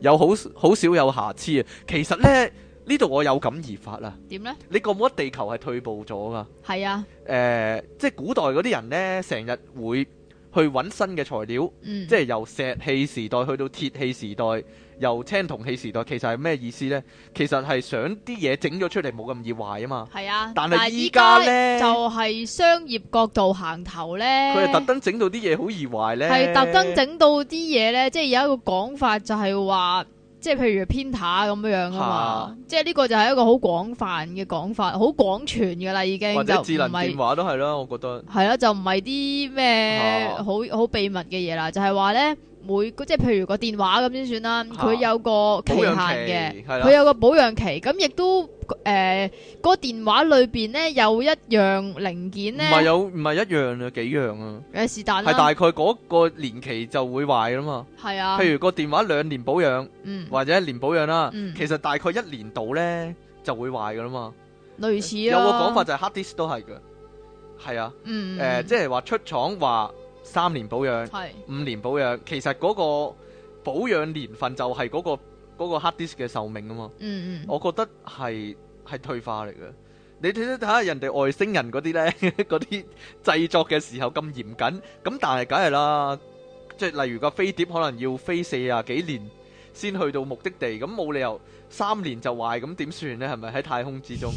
有好好少有瑕疵啊。其實呢。呢度我有感而發啦。點呢？你覺唔覺得地球係退步咗㗎？係是啊、呃。即係古代嗰啲人呢，成日會去揾新嘅材料，嗯、即係由石器時代去到鐵器時代，由青銅器時代，其實係咩意思呢？其實係想啲嘢整咗出嚟冇咁易壞啊嘛。係啊。但係依家呢就係商業角度行頭呢，佢係特登整到啲嘢好易壞呢。係特登整到啲嘢呢，即係有一個講法就係話。即係譬如平板咁樣啊嘛，啊即係呢個就係一個好廣泛嘅講法，好廣傳㗎啦已經就，或者智能電話都係啦，我覺得係、啊啊、啦，就唔係啲咩好好秘密嘅嘢啦，就係話咧。每即係譬如個電話咁先算啦，佢有個期限嘅，佢有個保養期。咁亦都誒個電話裏邊咧有一樣零件咧，唔係有唔係一樣啊，有幾樣啊？誒是但啦，係大概嗰個年期就會壞噶啦嘛。係啊，譬如個電話兩年保養，嗯，或者一年保養啦，其實大概一年度咧就會壞噶啦嘛。類似啊，有個講法就係 hard disk 都係㗎，係啊，誒即係話出廠話。三年保養，是五年保養，其實嗰個保養年份就係嗰個嗰個 hard disk 嘅壽命啊嘛。嗯嗯，我覺得係係退化嚟嘅。你睇睇下人哋外星人嗰啲呢，嗰 啲製作嘅時候咁嚴謹，咁但係梗係啦，即係例如個飛碟可能要飛四啊幾年先去到目的地，咁冇理由三年就壞，咁點算呢？係咪喺太空之中？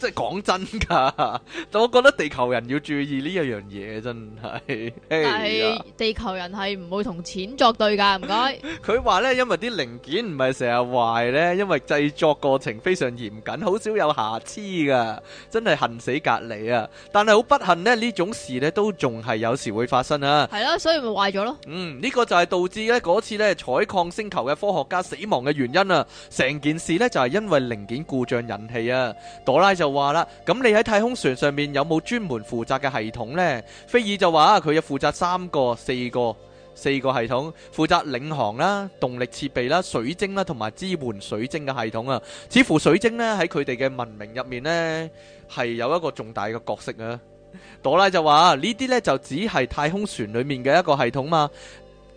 即係講真噶，我覺得地球人要注意呢一樣嘢，真係。係地球人係唔會同錢作對噶，唔該。佢話咧，因為啲零件唔係成日壞咧，因為製作過程非常嚴謹，好少有瑕疵噶，真係恨死隔離啊！但係好不幸咧，呢種事咧都仲係有時會發生啊。係咯，所以咪壞咗咯。嗯，呢個就係導致咧嗰次咧採礦星球嘅科學家死亡嘅原因啊！成件事咧就係因為零件故障引起啊！朵拉就。話啦，咁你喺太空船上面有冇專門負責嘅系統呢？菲爾就話佢要負責三個、四個、四個系統，負責領航啦、動力設備啦、水晶啦，同埋支援水晶嘅系統啊。似乎水晶呢喺佢哋嘅文明入面呢係有一個重大嘅角色啊。朵拉就話呢啲呢就只係太空船裏面嘅一個系統嘛，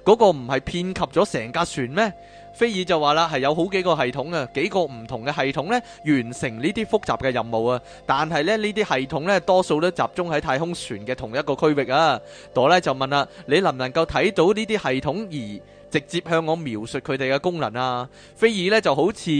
嗰、嗰個唔係遍及咗成架船咩？菲爾就話啦，係有好幾個系統啊，幾個唔同嘅系統咧，完成呢啲複雜嘅任務啊。但係咧呢啲系統咧，多數都集中喺太空船嘅同一個區域啊。朵咧就問啦，你能唔能夠睇到呢啲系統而直接向我描述佢哋嘅功能啊？菲爾咧就好似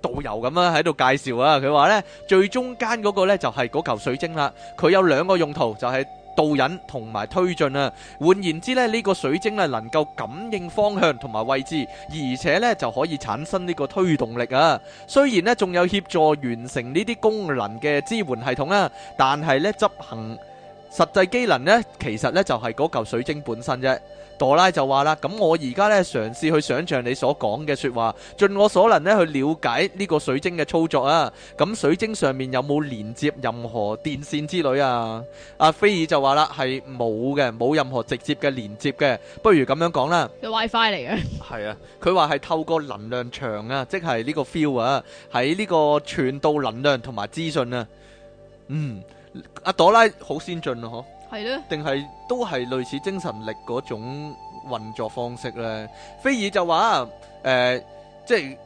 導遊咁啊，喺度介紹啊。佢話咧，最中間嗰個咧，就係嗰嚿水晶啦，佢有兩個用途，就係、是。導引同埋推進啊，換言之咧，呢個水晶咧能夠感應方向同埋位置，而且咧就可以產生呢個推動力啊。雖然呢仲有協助完成呢啲功能嘅支援系統啊，但係咧執行實際機能呢，其實呢就係嗰嚿水晶本身啫。朵拉就話啦，咁我而家咧嘗試去想象你所講嘅說話，盡我所能咧去了解呢個水晶嘅操作啊。咁水晶上面有冇連接任何電線之類啊？阿、啊、菲爾就話啦，係冇嘅，冇任何直接嘅連接嘅。不如咁樣講啦，WiFi 嚟嘅。係啊，佢話係透過能量場啊，即係呢個 feel 啊，喺呢個傳導能量同埋資訊啊。嗯，阿、啊、朵拉好先進啊。嗬。係定係都係類似精神力嗰種運作方式呢？菲爾就話誒、呃，即係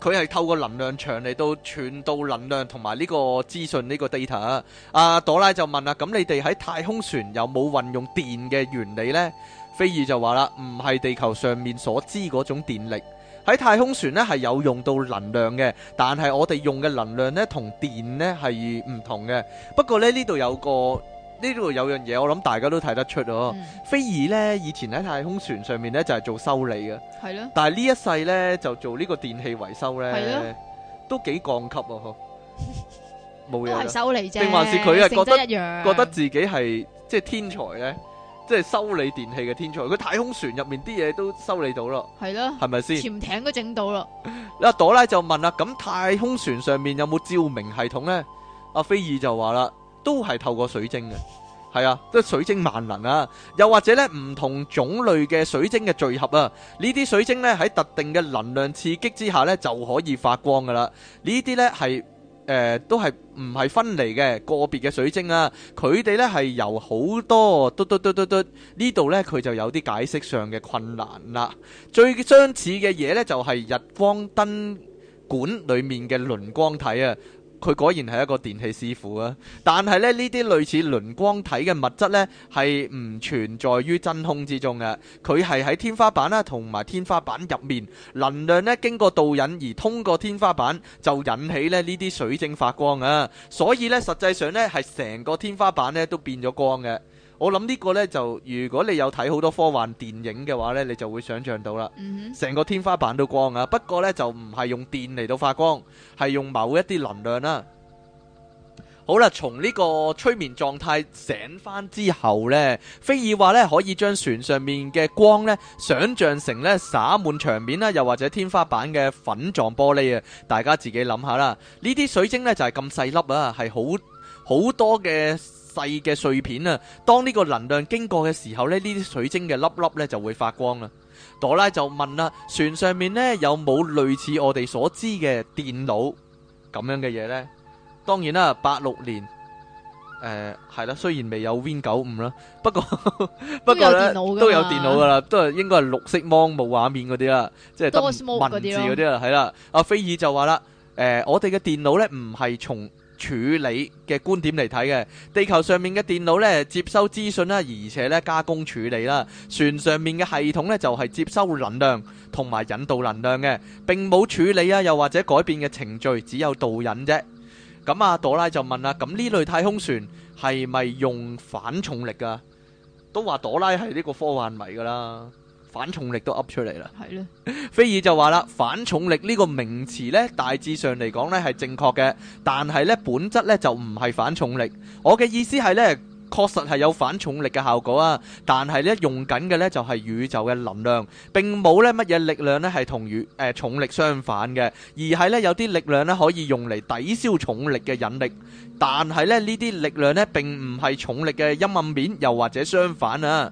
佢係透過能量場嚟到傳導能量同埋呢個資訊呢個 data、啊。朵拉就問啦，咁你哋喺太空船有冇運用電嘅原理呢？菲爾就話啦，唔係地球上面所知嗰種電力。喺太空船呢係有用到能量嘅，但係我哋用嘅能量呢同電呢係唔同嘅。不過呢度有個。呢度有樣嘢，我諗大家都睇得出哦。菲爾、嗯、呢以前喺太空船上面呢就係做修理嘅，係咯的。但係呢一世呢，就做呢個電器維修呢，係的都幾降級喎、啊。冇嘢、 啊，修理啫定還是佢係覺得覺得自己係即係天才呢，即係修理電器嘅天才。佢太空船入面啲嘢都修理到咯，係咯的，係咪先？潛艇都整到啦。阿、啊、朵拉就問啦：咁太空船上面有冇照明系統呢？」阿菲爾就話啦。都係透過水晶嘅，係啊，即係水晶萬能啊！又或者咧，唔同種類嘅水晶嘅聚合啊，呢啲水晶咧喺特定嘅能量刺激之下咧就可以發光噶啦。這些呢啲咧係誒，都係唔係分離嘅個別嘅水晶啊，佢哋咧係由好多嘟嘟嘟嘟嘟，嘟呢度咧，佢就有啲解釋上嘅困難啦。最相似嘅嘢咧就係、是、日光燈管裏面嘅磷光體啊。佢果然係一個電器師傅啊！但係咧，呢啲類似磷光體嘅物質呢，係唔存在於真空之中嘅。佢係喺天花板啦，同埋天花板入面能量呢，經過導引而通過天花板，就引起呢呢啲水晶發光啊！所以呢，實際上呢，係成個天花板呢都變咗光嘅。我諗呢個呢，就如果你有睇好多科幻電影嘅話呢，你就會想象到啦，成、mm hmm. 個天花板都光啊！不過呢，就唔係用電嚟到發光，係用某一啲能量啦，啊。好啦，從呢個催眠狀態醒翻之後呢，菲爾話呢，可以將船上面嘅光呢想象成呢灑滿牆面啦，啊，又或者天花板嘅粉狀玻璃啊！大家自己諗下啦，呢啲水晶呢就係咁細粒啊，係好好多嘅。細嘅碎片啊，當呢個能量經過嘅時候咧，呢啲水晶嘅粒粒咧就會發光啦。朵拉就問啦，船上面咧有冇類似我哋所知嘅電腦咁樣嘅嘢咧？當然啦，八六年，誒係啦，雖然未有 Win 九五啦，不過不過咧都有電腦噶啦，都係應該係綠色芒冇畫面嗰啲啦，即係得文字嗰啲啦，係啦。阿菲爾就話啦，誒我哋嘅電腦咧唔係從。處理嘅觀點嚟睇嘅，地球上面嘅電腦咧接收資訊啦，而且咧加工處理啦，船上面嘅系統咧就係接收能量同埋引導能量嘅，並冇處理啊，又或者改變嘅程序，只有導引啫。咁啊，朵拉就問啦，咁呢類太空船係咪用反重力啊？都話朵拉係呢個科幻迷噶啦。反重力都噏出嚟啦呢，係咧。菲爾就話啦，反重力呢個名詞咧，大致上嚟講咧係正確嘅，但係呢本質呢就唔係反重力。我嘅意思係呢確實係有反重力嘅效果啊，但係呢用緊嘅呢就係宇宙嘅能量，並冇呢乜嘢力量呢係同宇誒重力相反嘅，而係呢有啲力量咧可以用嚟抵消重力嘅引力，但係咧呢啲力量呢並唔係重力嘅陰暗面，又或者相反啊。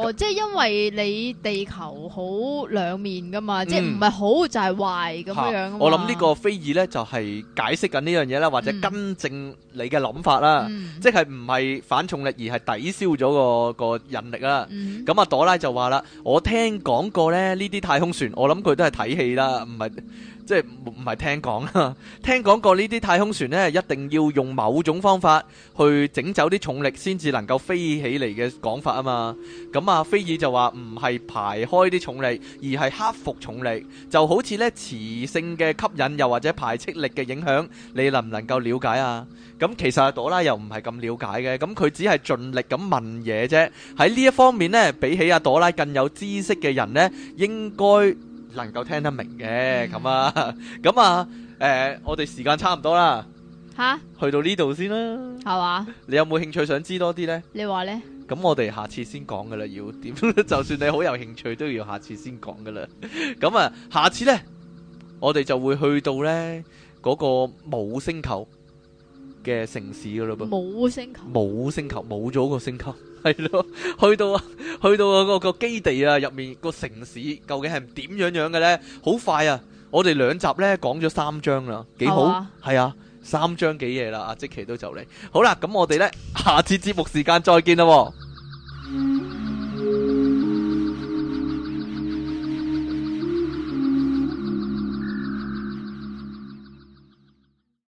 哦，即係因為你地球好兩面噶嘛，嗯、即係唔係好就係壞咁樣。我諗呢個非爾呢，就係、是、解釋緊呢樣嘢啦，或者根正你嘅諗法啦，嗯、即係唔係反重力而係抵消咗個個引力啦。咁啊、嗯、朵拉就話啦，我聽講過咧呢啲太空船，我諗佢都係睇戲啦，唔係、嗯。唔係即係唔係聽講啊？聽講過呢啲太空船呢，一定要用某種方法去整走啲重力，先至能夠飛起嚟嘅講法啊嘛。咁啊，菲爾就話唔係排開啲重力，而係克服重力，就好似呢磁性嘅吸引，又或者排斥力嘅影響，你能唔能夠了解啊？咁其實阿朵拉又唔係咁了解嘅，咁佢只係盡力咁問嘢啫。喺呢一方面呢，比起阿朵拉更有知識嘅人呢，應該能夠聽得明嘅。咁啊，咁啊，誒、呃，我哋時間差唔多啦，吓哈，去到呢度先啦，係嘛吧？你有冇興趣想知多啲呢？你話呢？咁我哋下次先講噶啦，要點？ 就算你好有興趣， 都要下次先講噶啦。咁 啊，下次呢，我哋就會去到呢嗰、嗰個冇星球嘅城市噶啦，冇星球，冇星球，冇咗個星球。係咯， 去到去到個個基地啊，入面個城市究竟係點樣樣嘅呢？好快啊！我哋兩集呢講咗三章啦，幾好係、哦、啊，啊，三章幾嘢啦啊！即期都就嚟，好啦，咁我哋呢，下次節目時間再見啦。